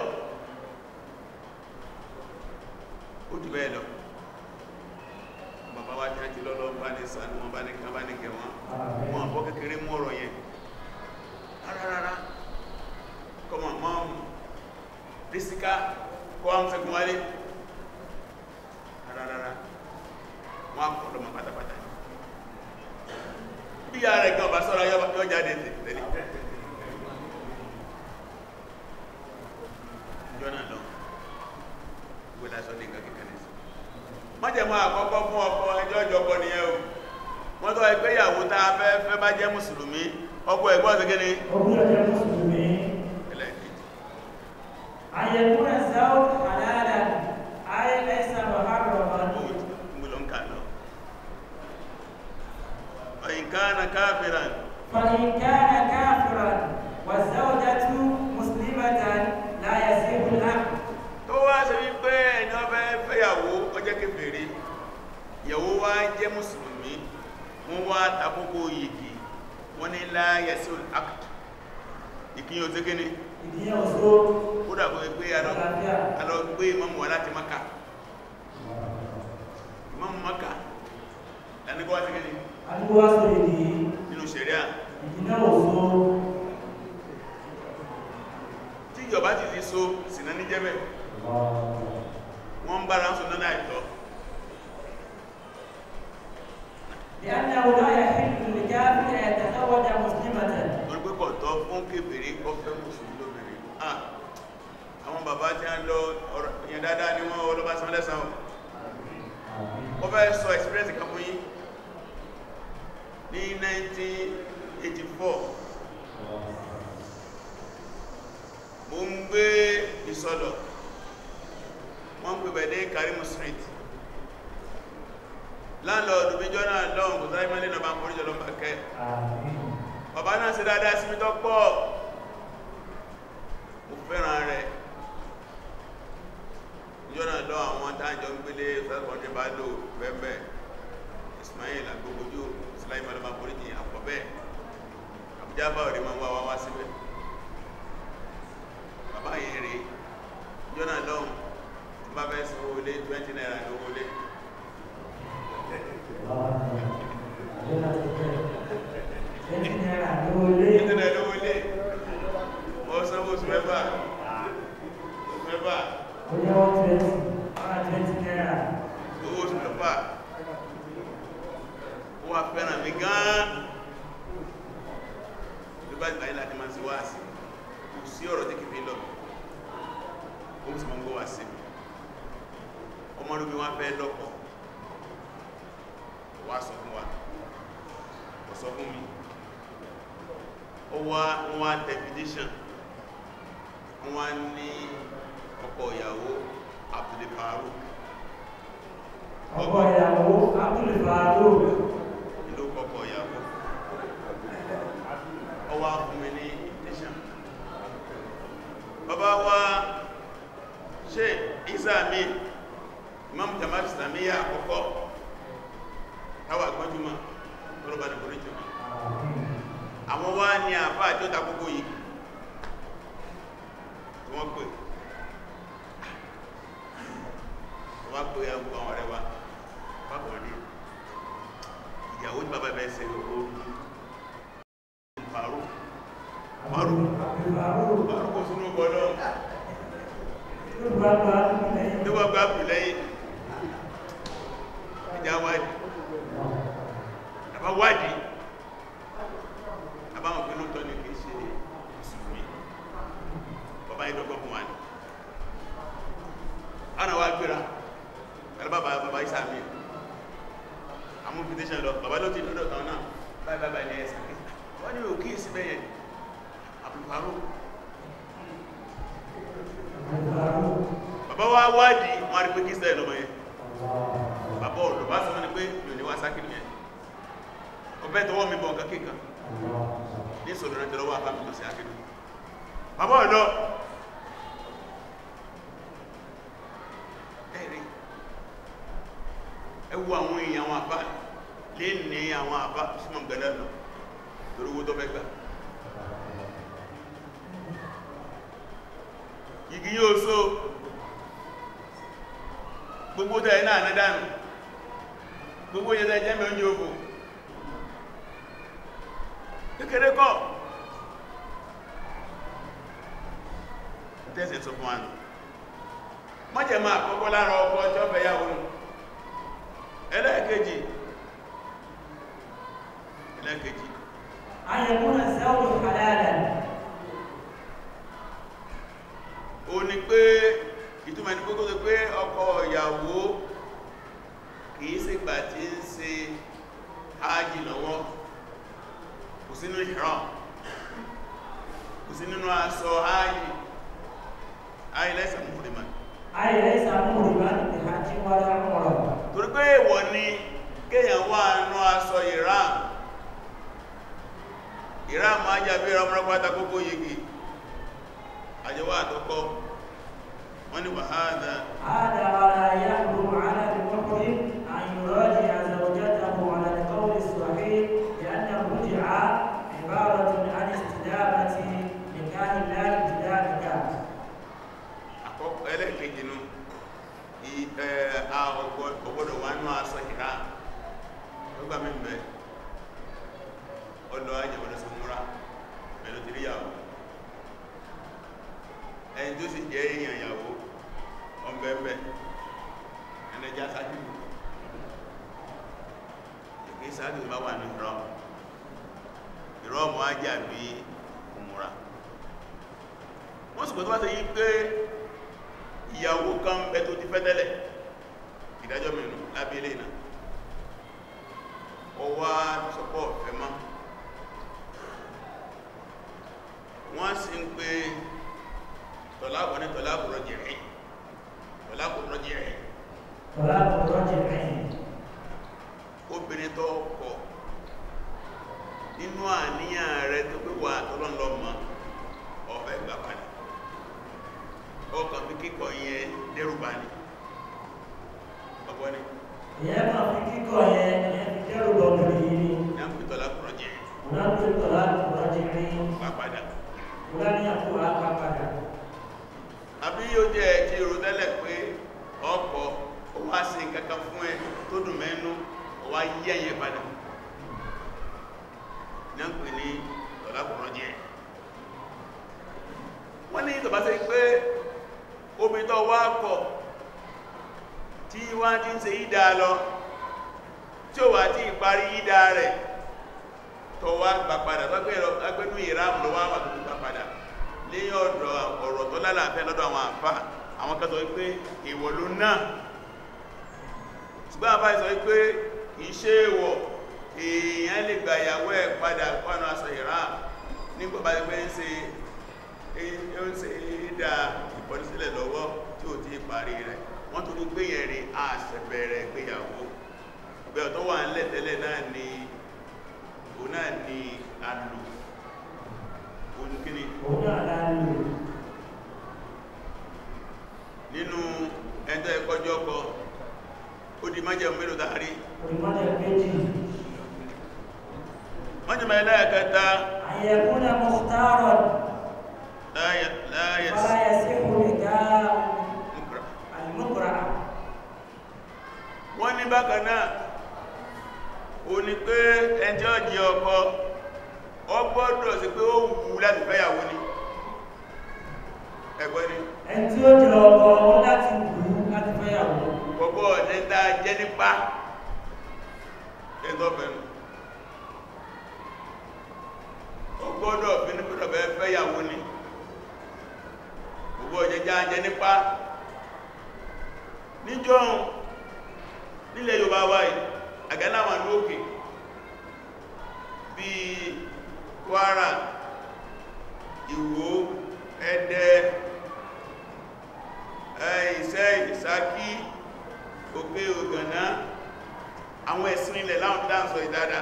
S2: ó jù bẹ́ẹ̀ lọ bàbá wa jẹ́ ti lọ́lọ́ bá ní sàánú wọn bá ní kan bá ní kẹ wọn wọn àbọ́ kékeré mú ọ̀rọ̀ yẹn rárára kọmọ mọ́ rísíká kọ́ àwọn sẹ́gun wálé rárára wọn kọ́ lọ́mọ pátápátá bí i ààrẹ gan ọba sọ́ra yọ jáde tẹ̀lé jọ́nà lọ gbogbo lásọ ní nǹkan kíkan ní sí májẹ̀mú àkọ́kọ́ fún ọkọ ẹjọ́ ìjọkọ nìyẹn o wọ́n tọ́ ẹgbẹ́ ìyàwó tá a fẹ́ fẹ́ bá jẹ́ mùsùlùmí ọkọ ẹ̀gbọ́n ti kéde ọkọ ẹ̀jẹ̀
S1: mùsùlùmí ẹlẹ́ẹ̀kejì àyẹ̀kú ẹ̀sẹ̀ ó àdáadáa
S2: ayẹ́lẹ́sẹ̀ فإن كان كافرا
S1: فإن كان كافرا
S2: والزوجة مسلمة لا يسير ìyàwó ọjẹ́ kèfèrí ìyàwó wá jẹ́ mùsùlùmí wọ́n wá takókò yìí wọ́n ní láyẹ̀sí act ìkíyàn tó gẹ́ni ìkíyàn tó kódà kó gbé alọ́gbé mọ́mù wà láti maka mọ́mù maka lánìkọ́wà tó gẹ́ni alúwà tó ìdí nínú ṣẹ̀ríà ìkíyàn tó tí ìjọba ti ti so sínà ní jẹ́bẹ̀ wọ́n ń bára sọ lọ́nà àìtọ́ orúkọ tọ́ fún kébèrè ọfẹ́ mùsùlùmí lóbìnrin àwọn bàbá tí a lọ ìyẹn dáadáa ni wọ́n ọlọ́bá sán lẹ́sàn ó ní 1984 mo ń gbé ìsọdọ̀ wọ́n ń pè bẹ̀dẹ̀ Karimu Street láńlọ́ọ̀dù méjọ́ náà lọ́wọ́n kò sáré mẹ́lẹ́ nọba àforíjọ lọ bà kẹ́ bàbá náà ṣe dáadáa sí mi tó pọ̀ mo fẹ́ràn rẹ̀ ìjọ́ náà lọ àwọn táàjọ ń gbélé sẹ́kọ̀ọ́dẹ̀ bá lò bẹ́ẹ̀ Ismail agbógojú Ismail lọba àforíjì àpọ̀bẹ́ Àbújá bá òde máa wá wá wá síbẹ̀ bàbá yẹn rèé ìjọ́ náà lọ́wọ́n bá fẹ́ san owó lé twenty naira ní owó lé.
S3: twenty naira ní owó lé. twenty naira ní owó
S2: lé. mo sanwó oṣù mẹ́fà
S1: oṣù mẹ́fà. ó yẹ wọ́n twenty wọ́n twenty naira. owó oṣù
S2: mẹ́fà ó wà fẹ́ràn mi gan-an ló bá gbà yín láti sí ọmọlúmi wá fẹ́ lọ́kọ wá sọ fún wa ó sọ fún mi ó wá wá definition wọ́n ní ọkọ ìyàwó Abdul Faruk ọkọ ìyàwó Abdul ìlú ìyàwó bàbá wa ṣe ìsáàmì imam jamal islamiyya àkọ́kọ́ táwa gbọ́njúmọ̀ tọ́lọ́bà ní orí jùmọ̀ àwọn wá ní àfá àjọ́ta gbogbo yìí tí wọ́n pè wọ́n pè ẹgbù àwọn ọ̀rẹ́ wa pápọ̀ ní ìyàwó tí bàbá bẹ́ẹ̀ sẹ́lẹ̀ oòrùn pàrú pàrú pàrú kò sínú ọgbọ̀n náà já wádìí àbá wádìí àbá wọn pé lóòótọ́ ni kì í ṣe mùsùlùmí bàbá yìí dọ́gbọ́n fún wa ni àwọn àwọn agbéra pẹ̀lú bàbá bàbá yìí sàmì àmú petition lọ bàbá ló ti lọ́dọ̀ kan náà báyìí bàbá ilẹ̀ ẹ̀sà kí wọ́n ní òkè sí bẹ́yẹn àbùkárò bàbá wa wádìí wọn rí pé kí sẹ́yìn lọ́mọ yẹn bá sọ ní pé mi ò ní wá sákìlì yẹn ọbẹ̀ tọwọ́ mi bọ̀ nǹkan kíkan ní sọ̀rọ̀ rẹ̀ tẹ̀lọ́wọ́ àbámi tó sí àkìlì bàbá ọ̀dọ́ ẹ̀rí ẹ wo àwọn èèyàn àwọn àbá lè ní àwọn àbá símọ̀ gẹ̀lẹ́ lọ torí owó tó fẹ́ gbà igi yóò so gbogbo tẹ̀ náà ní dànù gbogbo yẹ tẹ́ jẹ́mẹ̀ oúnjẹ ogun kékeré kọ́ tẹ́sẹ̀ tó fún àná mọ́jẹ̀ máa kọ́kọ́ lára ọkọ̀ ọjọ́ fẹ́yàwó ẹlẹ́ẹ̀kejì
S1: ẹlẹ́ẹ̀kejì ayẹ̀kúnà sẹ́wọ̀n fàdáàdà
S2: o ni pé ìtumọ̀ ẹni pé kó tó pé ọkọ ìyàwó kìí sí gbà tí ń ṣe ájì lọ́wọ́ kò sínú ìhram kò sí nínú aṣọ ájì àìlẹ́sà múrìmá àìlẹ́sà múrìmá ti hajji wọ́lá mọ́rọ̀ torí pé èèwọ̀ ni kéèyàn wà nínú aṣọ ìhram ìhram ajábí ọmọrọpátá gbogbo yìí àjọwà àtọ́kọ́ wọ́n ni wà áàdà
S1: áàdà
S2: a ọgbọ́dọ̀ wà ní aṣọ ìhá lọ́gbà mẹ́mẹ́ ọlọ́ ajẹ́bọ̀dọ̀ sí múra pẹ̀lú ti ríyàwó ẹni tó sì jẹ́ èèyàn ìyàwó ọmọbẹ̀ẹ́bẹ̀ ẹnẹjá sáájú ìgbé sáájú bá wà ní ìrọ̀ ìrọ̀mù ajá bí òmùra wọ́n sì pẹ̀lú wá sí yí pé ìyàwó kan bẹ tó ti fẹ́ tẹ́lẹ̀ ìdájọ́ mẹ́rin lábílé náà ọwá sọpọ̀ ọ̀fẹ́ mọ́ wọ́n sì ń pé tọ́láàbù ní tọ́láàbù rọ́jìrì tọ́láàbù rọ́jìrì tọ́láàbù rọ́jìrì obìnrin tó kọ̀ nínú àníyàn rẹ̀ tó pé wà tọ́lọ́lọ́mọ ọ̀fẹ́ gbà padà ọkàn fi kíkọ yẹn dẹ́rùbà ni ọgbọ́n ni. ìyẹn máa fi kíkọ yẹn ìyẹn fi dẹ́rùbà obìnrin yìí ni. ìyá fi tọ́lá kúrọ̀ jẹ́. ìyá fi tọ́lá kúrọ̀ jẹ́ ní. wà padà. wúlá ní àkúrò apá padà. àbí yóò jẹ́ ti rò tẹ́lẹ̀ pé ọkọ̀ ó wá sí kankan fún ẹ tó dùn mẹ́nu ó wá yí ẹ̀yẹ padà. ìyá ń pè ní tọ́lá kúrọ̀ jẹ́. wọ́n ní ìtọ̀bá sẹ́yìn pé obìnrin tó wá kọ̀ tí wá ti ń ṣe ìdá lọ tí ó wà tí ìparí ìdá rẹ̀ tó wá gbà padà lọ́gbẹ̀ẹ́nú ìráàmù lọ wá wà tó gbà padà léyìn ọ̀dọ̀ ọ̀rọ̀ tó lálàáfẹ́ lọ́dọ̀ àwọn àfá àwọn kan wípé èèwọ̀ ló náà ṣùgbọ́n àfá sọ wípé kìí ṣe èèwọ̀ èèyàn lè gbà ìyàwó ẹ̀ padà pánú aṣọ ìráàmù nígbà bá ti pẹ́ ń ṣe ìdá kọ̀dísílẹ̀ lọ́wọ́ tí ò tí ì parí rẹ̀ wọ́n tó ní gbéyẹ̀rin àṣẹ̀bẹ̀rẹ̀ ìgbéyàwó pé ọ̀tọ́ wà ń lẹ́tẹ̀lẹ̀ náà ni òun náà ni àlò oníkíní nínú ẹ̀ntọ́ ẹ̀kọ́jọ́ ọkọ̀ ó di májẹ̀ mẹ́lò dárí májẹ̀ mẹ́lẹ̀ ẹ̀kẹta ayẹ̀kúnlẹ̀ mọ̀tàrọ̀ láyẹ̀ sí ní bákan náà o ní pé ẹjọ́ jẹ ọkọ ọ gbọ́dọ̀ sí pé ó wù láti fẹ́yàwó ni ẹgbẹ́ ni jẹ ọkọ ó láti wù láti fẹ́yàwó gbogbo ẹ̀ta jẹ́ nípa ẹ̀tọ́fẹ́nu ó gbọ́dọ̀ fínúfínú bẹ́ẹ̀ fẹ́yàwó ni gbogbo jẹ́ nípa nílẹ̀ Yorùbá wáyé àgánáwọn lókè bí Kwara Ìwó Ẹdẹ eh, Ìṣẹ́ Ìṣákí Òkè Ògànná àwọn ẹ̀sìn ilẹ̀ láwọn dáńsọ ìdádá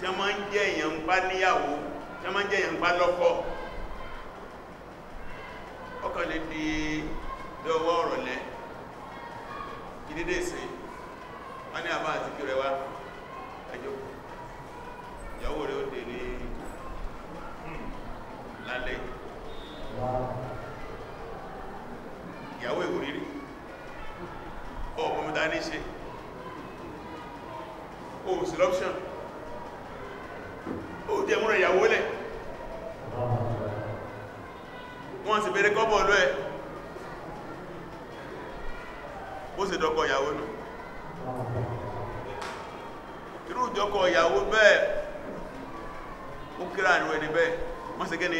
S2: tí a máa ń jẹ́ èèyàn ń bá níyàwó tí a máa ń jẹ́ èèyàn ń bá lọ́kọ ọkàn lè di ọwọ́ ọ̀rọ̀lẹ́ dédé ìsìn wọ́n ní àbá àti kí rẹ wá ẹjọ́ ìyàwó rẹ ó dé ní hmm, lálẹ́ ìyàwó ìwòrírí ọ̀pọ̀ mẹ́ta ní ṣe o sí lọ́pṣọ́n ó jẹ́ múra ìyàwó lẹ̀ wọ́n sì bẹ̀rẹ̀ kọ́bọ̀ lọ́ẹ̀ ó sì dọ́kọ ìyàwó nù irú ìjọkọ ìyàwó bẹ́ẹ̀ ó kíra àrùn ẹni bẹ́ẹ̀ wọ́n sì gẹ́ni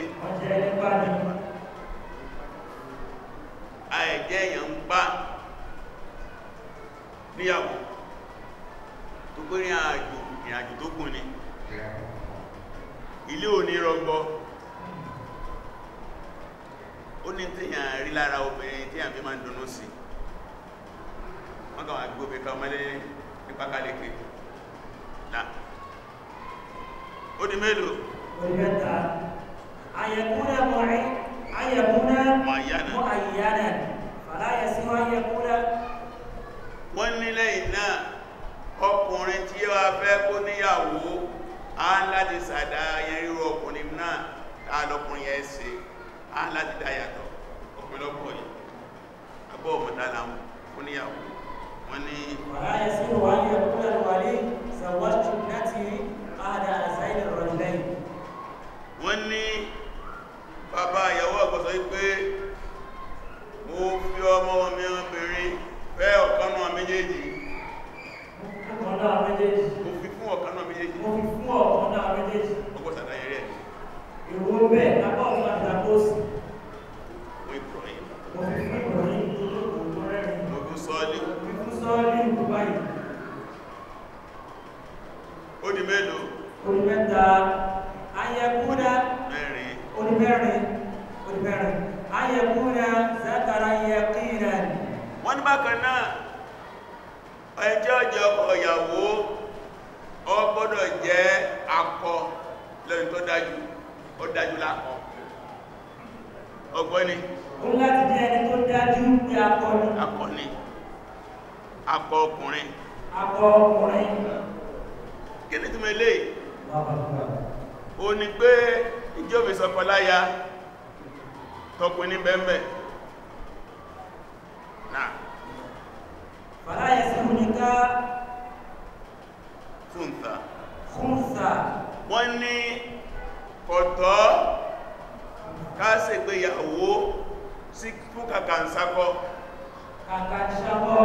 S2: àìjẹ́ èèyàn ń bá níyàwó tó pé ní àjò ìrìnàjò tó gùn ni ilé òní rọgbọ ó ní tíyàn rí lára obìnrin tíyàn fi máa ń dunú sí i wọ́n kàn wá gbómi kan mọ́lé nípa kálẹ̀kì là ó di mélòó mẹ́ta
S1: ayẹkúnà mọ̀rí ayẹkúnà mọ̀ àyíyànà
S2: fàláyẹ sí wọ́n ayẹkúnà wọ́n nílẹ̀ iná ọkùnrin tí ó wá fẹ́ kó níyàwó a láti sàdá ayẹrírò ọkùnrin náà tààlọkùnrin ẹ̀ sí a láti dáyàtọ̀ ọ̀pẹ̀lọpọ̀ yìí abọ́ ọmọdálàmù fún níyàwó wọ́n ní. wàhálà sí wàhálà kúrẹ́ wàlẹ́ sàwọ́tù láti àdá àṣàyẹ̀ rọ̀lẹ́ wọ́n ní bàbá ìyàwó àgbọ̀sọ̀ wípé mo fi ọmọ mi obìnrin fẹ́ ọ̀kan náà méjèèjì mo fi fún ọ̀kan fi fún ìbọn sọ́ọ́lì ń báyìí. ó di mélòó. ó di mẹ́ta
S1: ayẹkúnà. mẹ́rin.
S2: ó di mẹ́rin. ó di mẹ́rin. ayẹkúnà sátara yẹkínà. wọ́n ní bákan náà ẹjọ́ ọjọ́ ọ̀yàwó ọ gbọ́dọ̀ jẹ́ akọ lẹ́yìn tó dájú ó dájú lákọ ọgbọ́ni. ó láti jẹ́ ẹni tó dájú pé akọni. akọni
S1: akọ ọkùnrin akọ
S2: ọkùnrin kí ní túnmọ̀ ilé o ní pé ìjọ fi sọpọ̀ láya tọkùn ní bẹ́ẹ̀bẹ̀ náà fàláyẹ̀ sí òníká túnta túnta wọ́n ní kọ̀tọ́ káàsẹ̀gbéyàwó sí fún kàkànsákọ́ kàkànsákọ́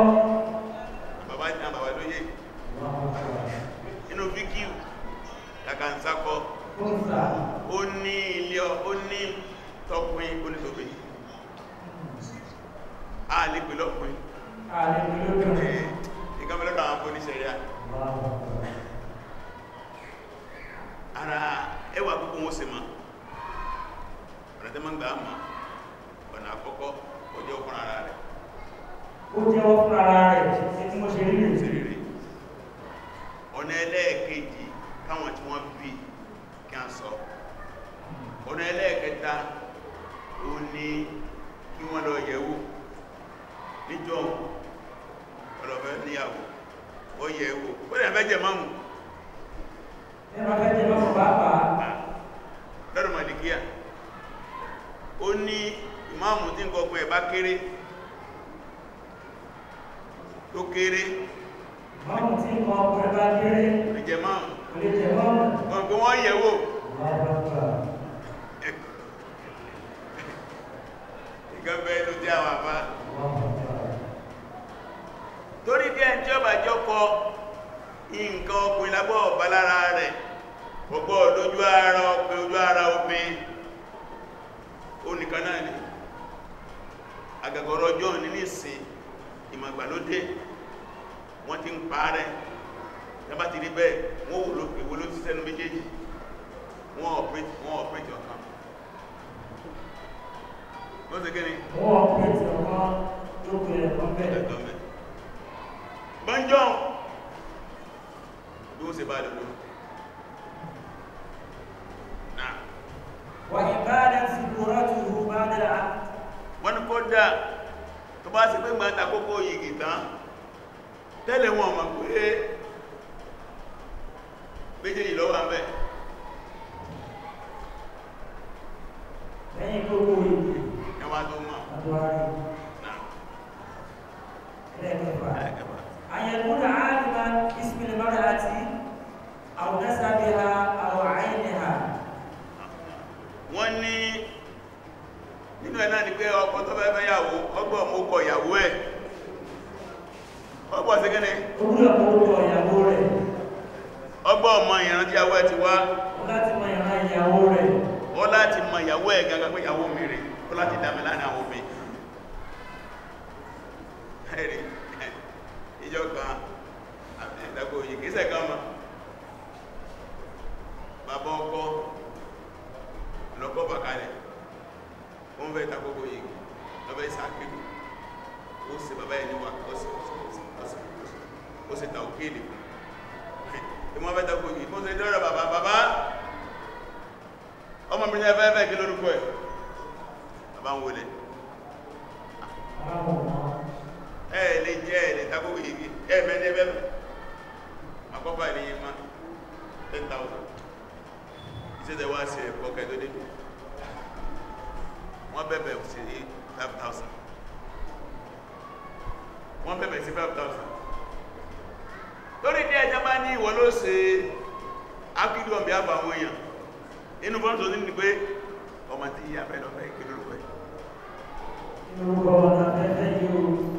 S2: bàbá ní àbàwà lóyè nínú fíkíù làkànsákọ ó ní ilé ó ní tọkùn onítòbí
S1: a lè pè lọ́pùn ìkàmẹ́lọ́dọ̀ àwọn oníṣẹ̀ríà ara ẹwà púpọ̀ wọ́n se mọ́ ọ̀rẹ́tẹ́mọ́gbà mọ́
S2: mọ ìran tí awẹ́ ti wá ó láti mọ ìran ìyàwó rẹ̀ ó láti mọ ìyàwó ẹ̀ gangan pé ìyàwó mi rẹ̀ ó láti dámẹ́ láàrin àwọn obìn ẹ̀rì ìjọ kan ẹ̀dàgbò òyìn kìíṣẹ́ kan mọ́ bàbá ọkọ lọ́kọ́ bàkalẹ̀ wọ́n fẹ́ ìtàkókò yìí lọ́fẹ́ ìsàkéjù ó sì bàbá ẹni wà ó sì tàókèlè fún ìmọ̀ fẹ́ tako yìí mo ṣe dọ́rọ̀ bàbá bàbá ọmọ mi ní ẹfẹ́ fẹ́ kí lórúkọ ẹ̀ bàbá ń wọlé ẹ̀ lè jẹ́ ẹ̀ lè tako yìí ẹ̀ mẹ́ni ẹfẹ́ àkọ́kọ́ ìrìnyẹ ma 10,000 ìṣẹ́dẹ̀ wá sí ẹ̀kọ́ kẹ́ẹ̀dọ́ dédé wọ́n bẹ̀bẹ̀ sí 5,000 wọ́n bẹ̀bẹ̀ sí 5,000 lórí ní ẹjẹ́ bá ní ìwọ ló ṣe ápìlú ọ̀bí àbà àwọn èèyàn inú fọ́n tó ní pé ọmọ tí ìyá fẹ́ lọ́fẹ́ kí ló fẹ́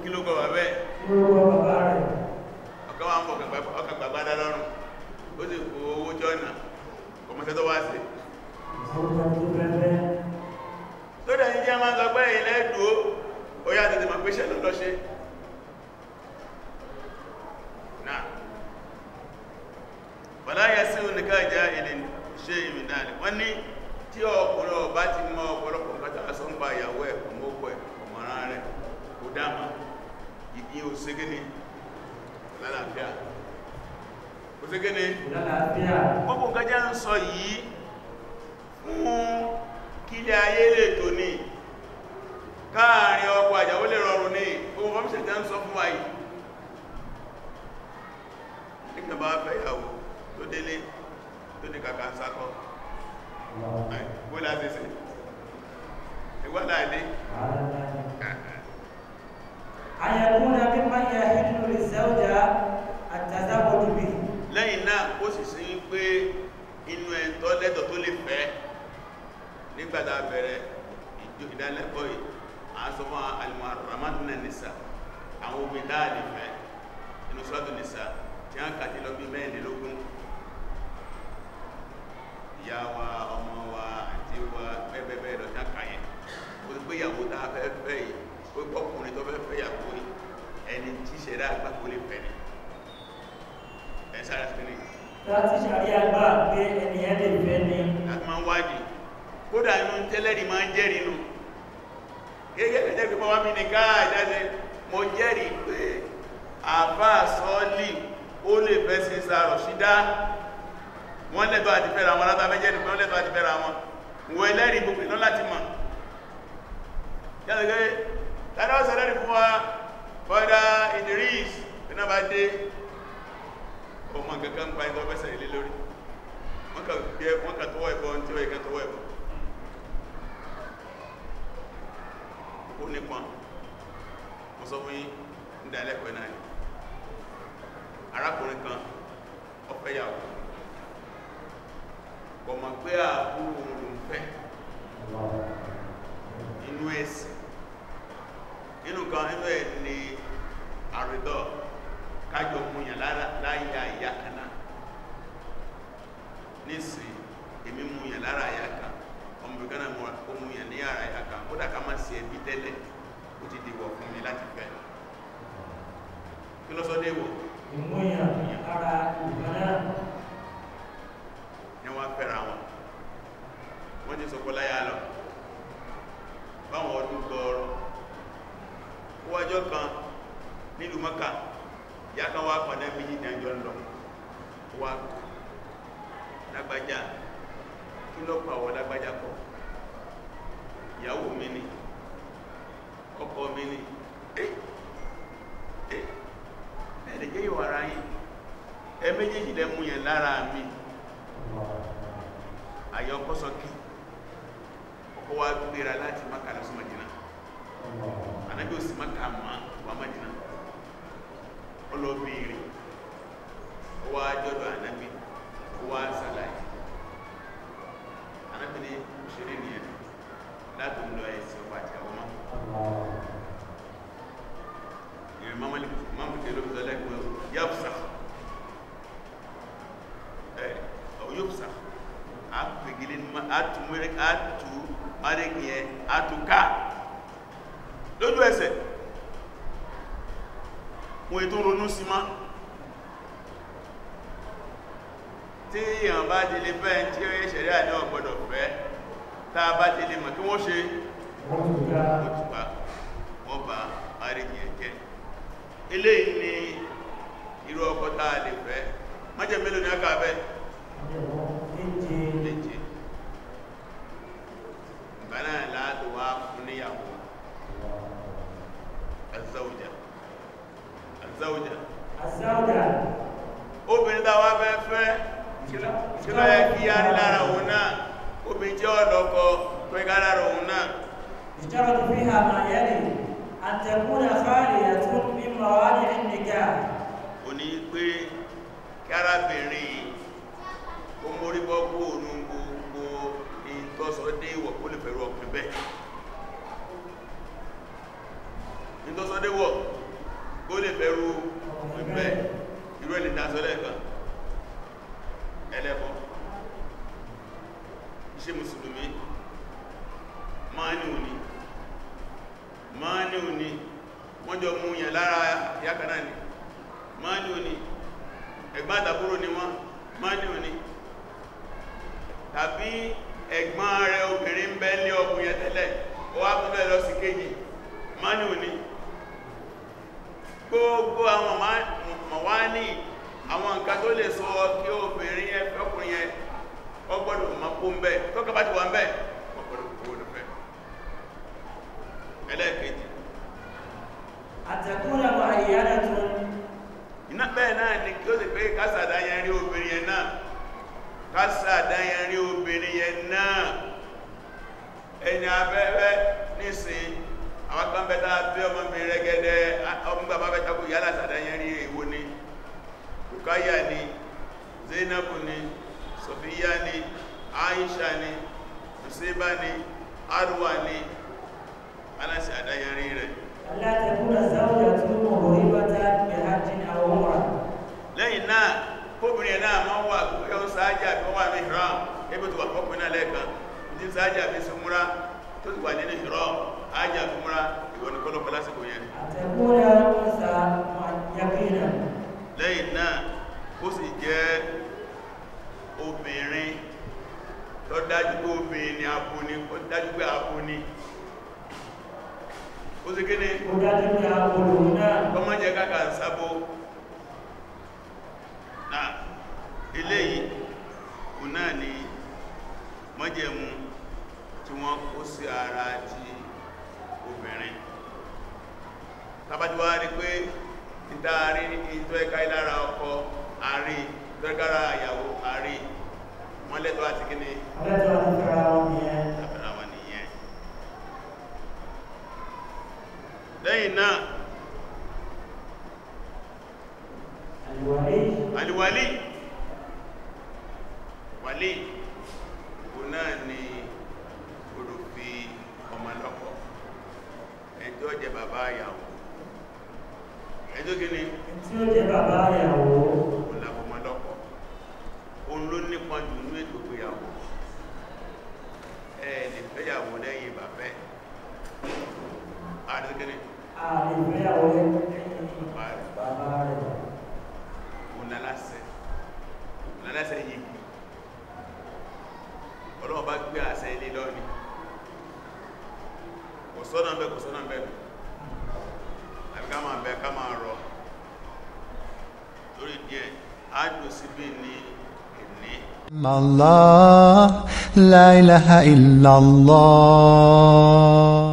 S2: kí ló kọ bàbá ẹ̀ ọkọ̀ wa ń bọ̀ ọkà bàbá dá lọ́rùn ó sì kó owó jọ́nà ọmọṣẹ́ tó wá sí tó dẹ̀ ní jẹ́ máa ń sọ pé ilẹ̀ dúó ó yá tètè máa pèsè lọ́lọ́ṣe náà wọ́n láyé sí oníká ìjá ilé ṣe ìrìnà rẹ̀ wọ́n ní tí ọkùnrin ọba ti mọ ọ̀pọ̀lọpọ̀ nǹkan aṣọ ń pa ìyàwó ẹ̀ ọmọkọ̀ ẹ̀ ọmọràn rẹ̀ kò dáàmà ìdí òṣègéni lálàáfíà òṣègéni lálàáfíà gbogbo nǹkan jẹ́ ń sọ yìí fún kílẹ̀ ayé lè tò ní káàrin ọkọ àyàwó lè rọrùn ní ohun fọ́míṣẹ̀ tẹ́ ń sọ fún wa yìí nígbàmbá fẹ́yàwó délé tó di kàkà sákọ̀ bó láti sí ìwọ́lá ilé ayẹkúnlẹ̀ mímọ̀ yẹ hìlú rí sẹ́ọ̀dá àtàzábọ̀dù bí lẹ́yìn náà ó sì sí pé inú ẹ̀tọ́ lẹ́tọ̀ tó lè fẹ́ nígbàtà bẹ̀rẹ̀ ìdánilẹ́kọ̀ọ́ yìí àásọ́fún alìmọ̀ ramadana nìsà àwọn obìnrin dáadìí fẹ́ inú sọ́dún nìsà tí a ń kàtí lọ bí mẹ́rìnlélógún ìyá wa ọmọ wa àti wa bẹ́ẹ̀bẹ́ẹ̀ lọ dáka yẹn ó ti gbéyàwó tá a fẹ́ fẹ́ yìí ó gbọ́kùnrin tó fẹ́ fẹ́ yàgò yìí ẹni tí ìṣẹ̀dá àgbà kò lè fẹ́ ni ẹ sára sí ni. láti ṣàrí àgbà pé ẹnìyẹn lè fẹ́ ni. a máa ń wádìí kódà inú tẹ́lẹ̀rì máa ń jẹ́rìí nù gẹ́gẹ́ bí ẹjẹ́ pípọ́ wá mi ní káà ìdájẹ́ mo jẹ́rìí pé àbá sọ́ọ́lì ó lè fẹ́ sí sàrọ̀ sídá wọ́n lẹ́tọ́ àti fẹ́ra wọn látàbẹ́jẹ́ nìkan wọ́n lẹ́tọ́ àti fẹ́ra wọn wọ́n ẹlẹ́rìí gbogbo ìlọ́ láti mọ̀ yàtọ̀ pé tàbí ọ̀sẹ̀ lẹ́rìí fún wa bọ́dá Idris iná bá dé ọmọ kankan pa ẹ̀tọ́ fẹ́sẹ̀ ilé lórí wọ́n kà gbé wọ́n kà tọwọ́ ẹ̀bọ tí ó yẹ kà tọwọ́ ẹ̀bọ ó nípa mo sọ fún yín ń dalẹ́kọ̀ọ́ náà arákùnrin kan ọ̀fẹ́ yàwó kọ̀mọ̀ pé àbúrò òun fẹ́ inú ẹ̀sìn inú kan nínú ẹ̀ ni àrídọ́ kájọ múyàn láyà ìyá kaná nísìn èmi múyàn lára ìyá kan ọmọ ìgbà náà ó múyàn ní ara ìyá kan kódà ká má sí ẹbí tẹ́lẹ̀ ó ti dìwọ̀ fún mi láti fẹ́ kí lọ́sọ́dẹ́wọ̀ ìmúyàn ara ìgbà náà wá fẹ́ra wọn wọ́n ti sọpọ̀ láyá lọ báwọn ọdún gbọ́ọ̀rọ̀ ó wájọ́ kan nílùú mọ́kà ìyá kan wá pàdé méjì ìdájọ́ ń lọ wá lágbájá kí lọ́pọ̀ àwọn lágbájá pọ̀ ìyàwó mi ni ọkọ mi ni ẹ́ ẹ́ ẹ̀ẹ́dẹ̀jẹ́ yóò ara yín ẹ méjèèjì lẹ́mú yẹn lára mi àyọ kọ́sọ̀kí ó wá gbéra láti maka lọ sí Madina anábí ò sí maka ma wá Madina ó lọ bèèrè ó wá jọ́dọ̀ mouvement kásà dáyẹrí obìnrin yẹn náà ẹni abẹ́rẹ́ nísìn àwọn kan bẹ́ta bí ọmọ mi rẹ́gẹ́dẹ́ ọmọgbà bá bẹ́ta kú yálà sàdáyẹrí èwo ni Rukaya ni Zainabu ni Sofiya ni Aisha ni Nuseba ni Arwa ni aláṣẹ àdáyẹrí rẹ̀ lẹ́yìn náà kóbìnrin ẹ̀ náà máa wà bóyá ó sáájà bí wọ́n wà ní ìhram ẹgbẹ́ tó wà fọ́kùnrin náà lẹ́ẹ̀kan ní sáájà bí sí múra tó ti wà nínú ìhram ájà fún múra ìwọ ní kọ́lọ́pọ̀ lásìkò yẹn. àtẹ̀kúnra ló sa yàgbéra. lẹ́yìn náà ó sì jẹ́ obìnrin tó dájú pé obìnrin ni abuni ó dájú pé abuni ó sì kéde. ó dájú pé abuni náà. ọmọ jẹ káka ń sábó náà eléyìí kò náà ni májẹ̀mú tí wọ́n kó sí ara ti obìnrin tàbájúwá rí pé ìtaari ìtọ́ ẹ̀ka ìlara ọkọ àrí lọ́gára àyàwó àrí wọ́n lẹ́tọ́ àti kíní lẹ́tọ́ àti
S1: fẹ́ra wọn nìyẹn
S2: lẹ́yìn náà aliwali wali o náà ni olùfi ọmọlọ́kọ ẹjọ́ jẹ Baba ìyàwó
S1: ẹjọ́ gini tí ó jẹ bàbá ìyàwó
S2: olàbọmọlọ́kọ òun ló nípa jù ní ètò ìgbéyàwó ẹ̀ẹ̀lẹ̀ fẹ́yàwó Ah, bàbẹ́ àdígini àdígini àdígini Baba. rẹ̀ láláṣẹ láláṣẹ yìí ọlọ́wọ́ bá gbé àṣẹ ilé lọ́ni kò sọ́nà bẹ́ kò sọ́nà bẹ́ àbí ká máa bẹ ká máa rọ lórí díẹ̀ ájò síbí ní
S3: ẹ̀ní Allah la ilaha illallah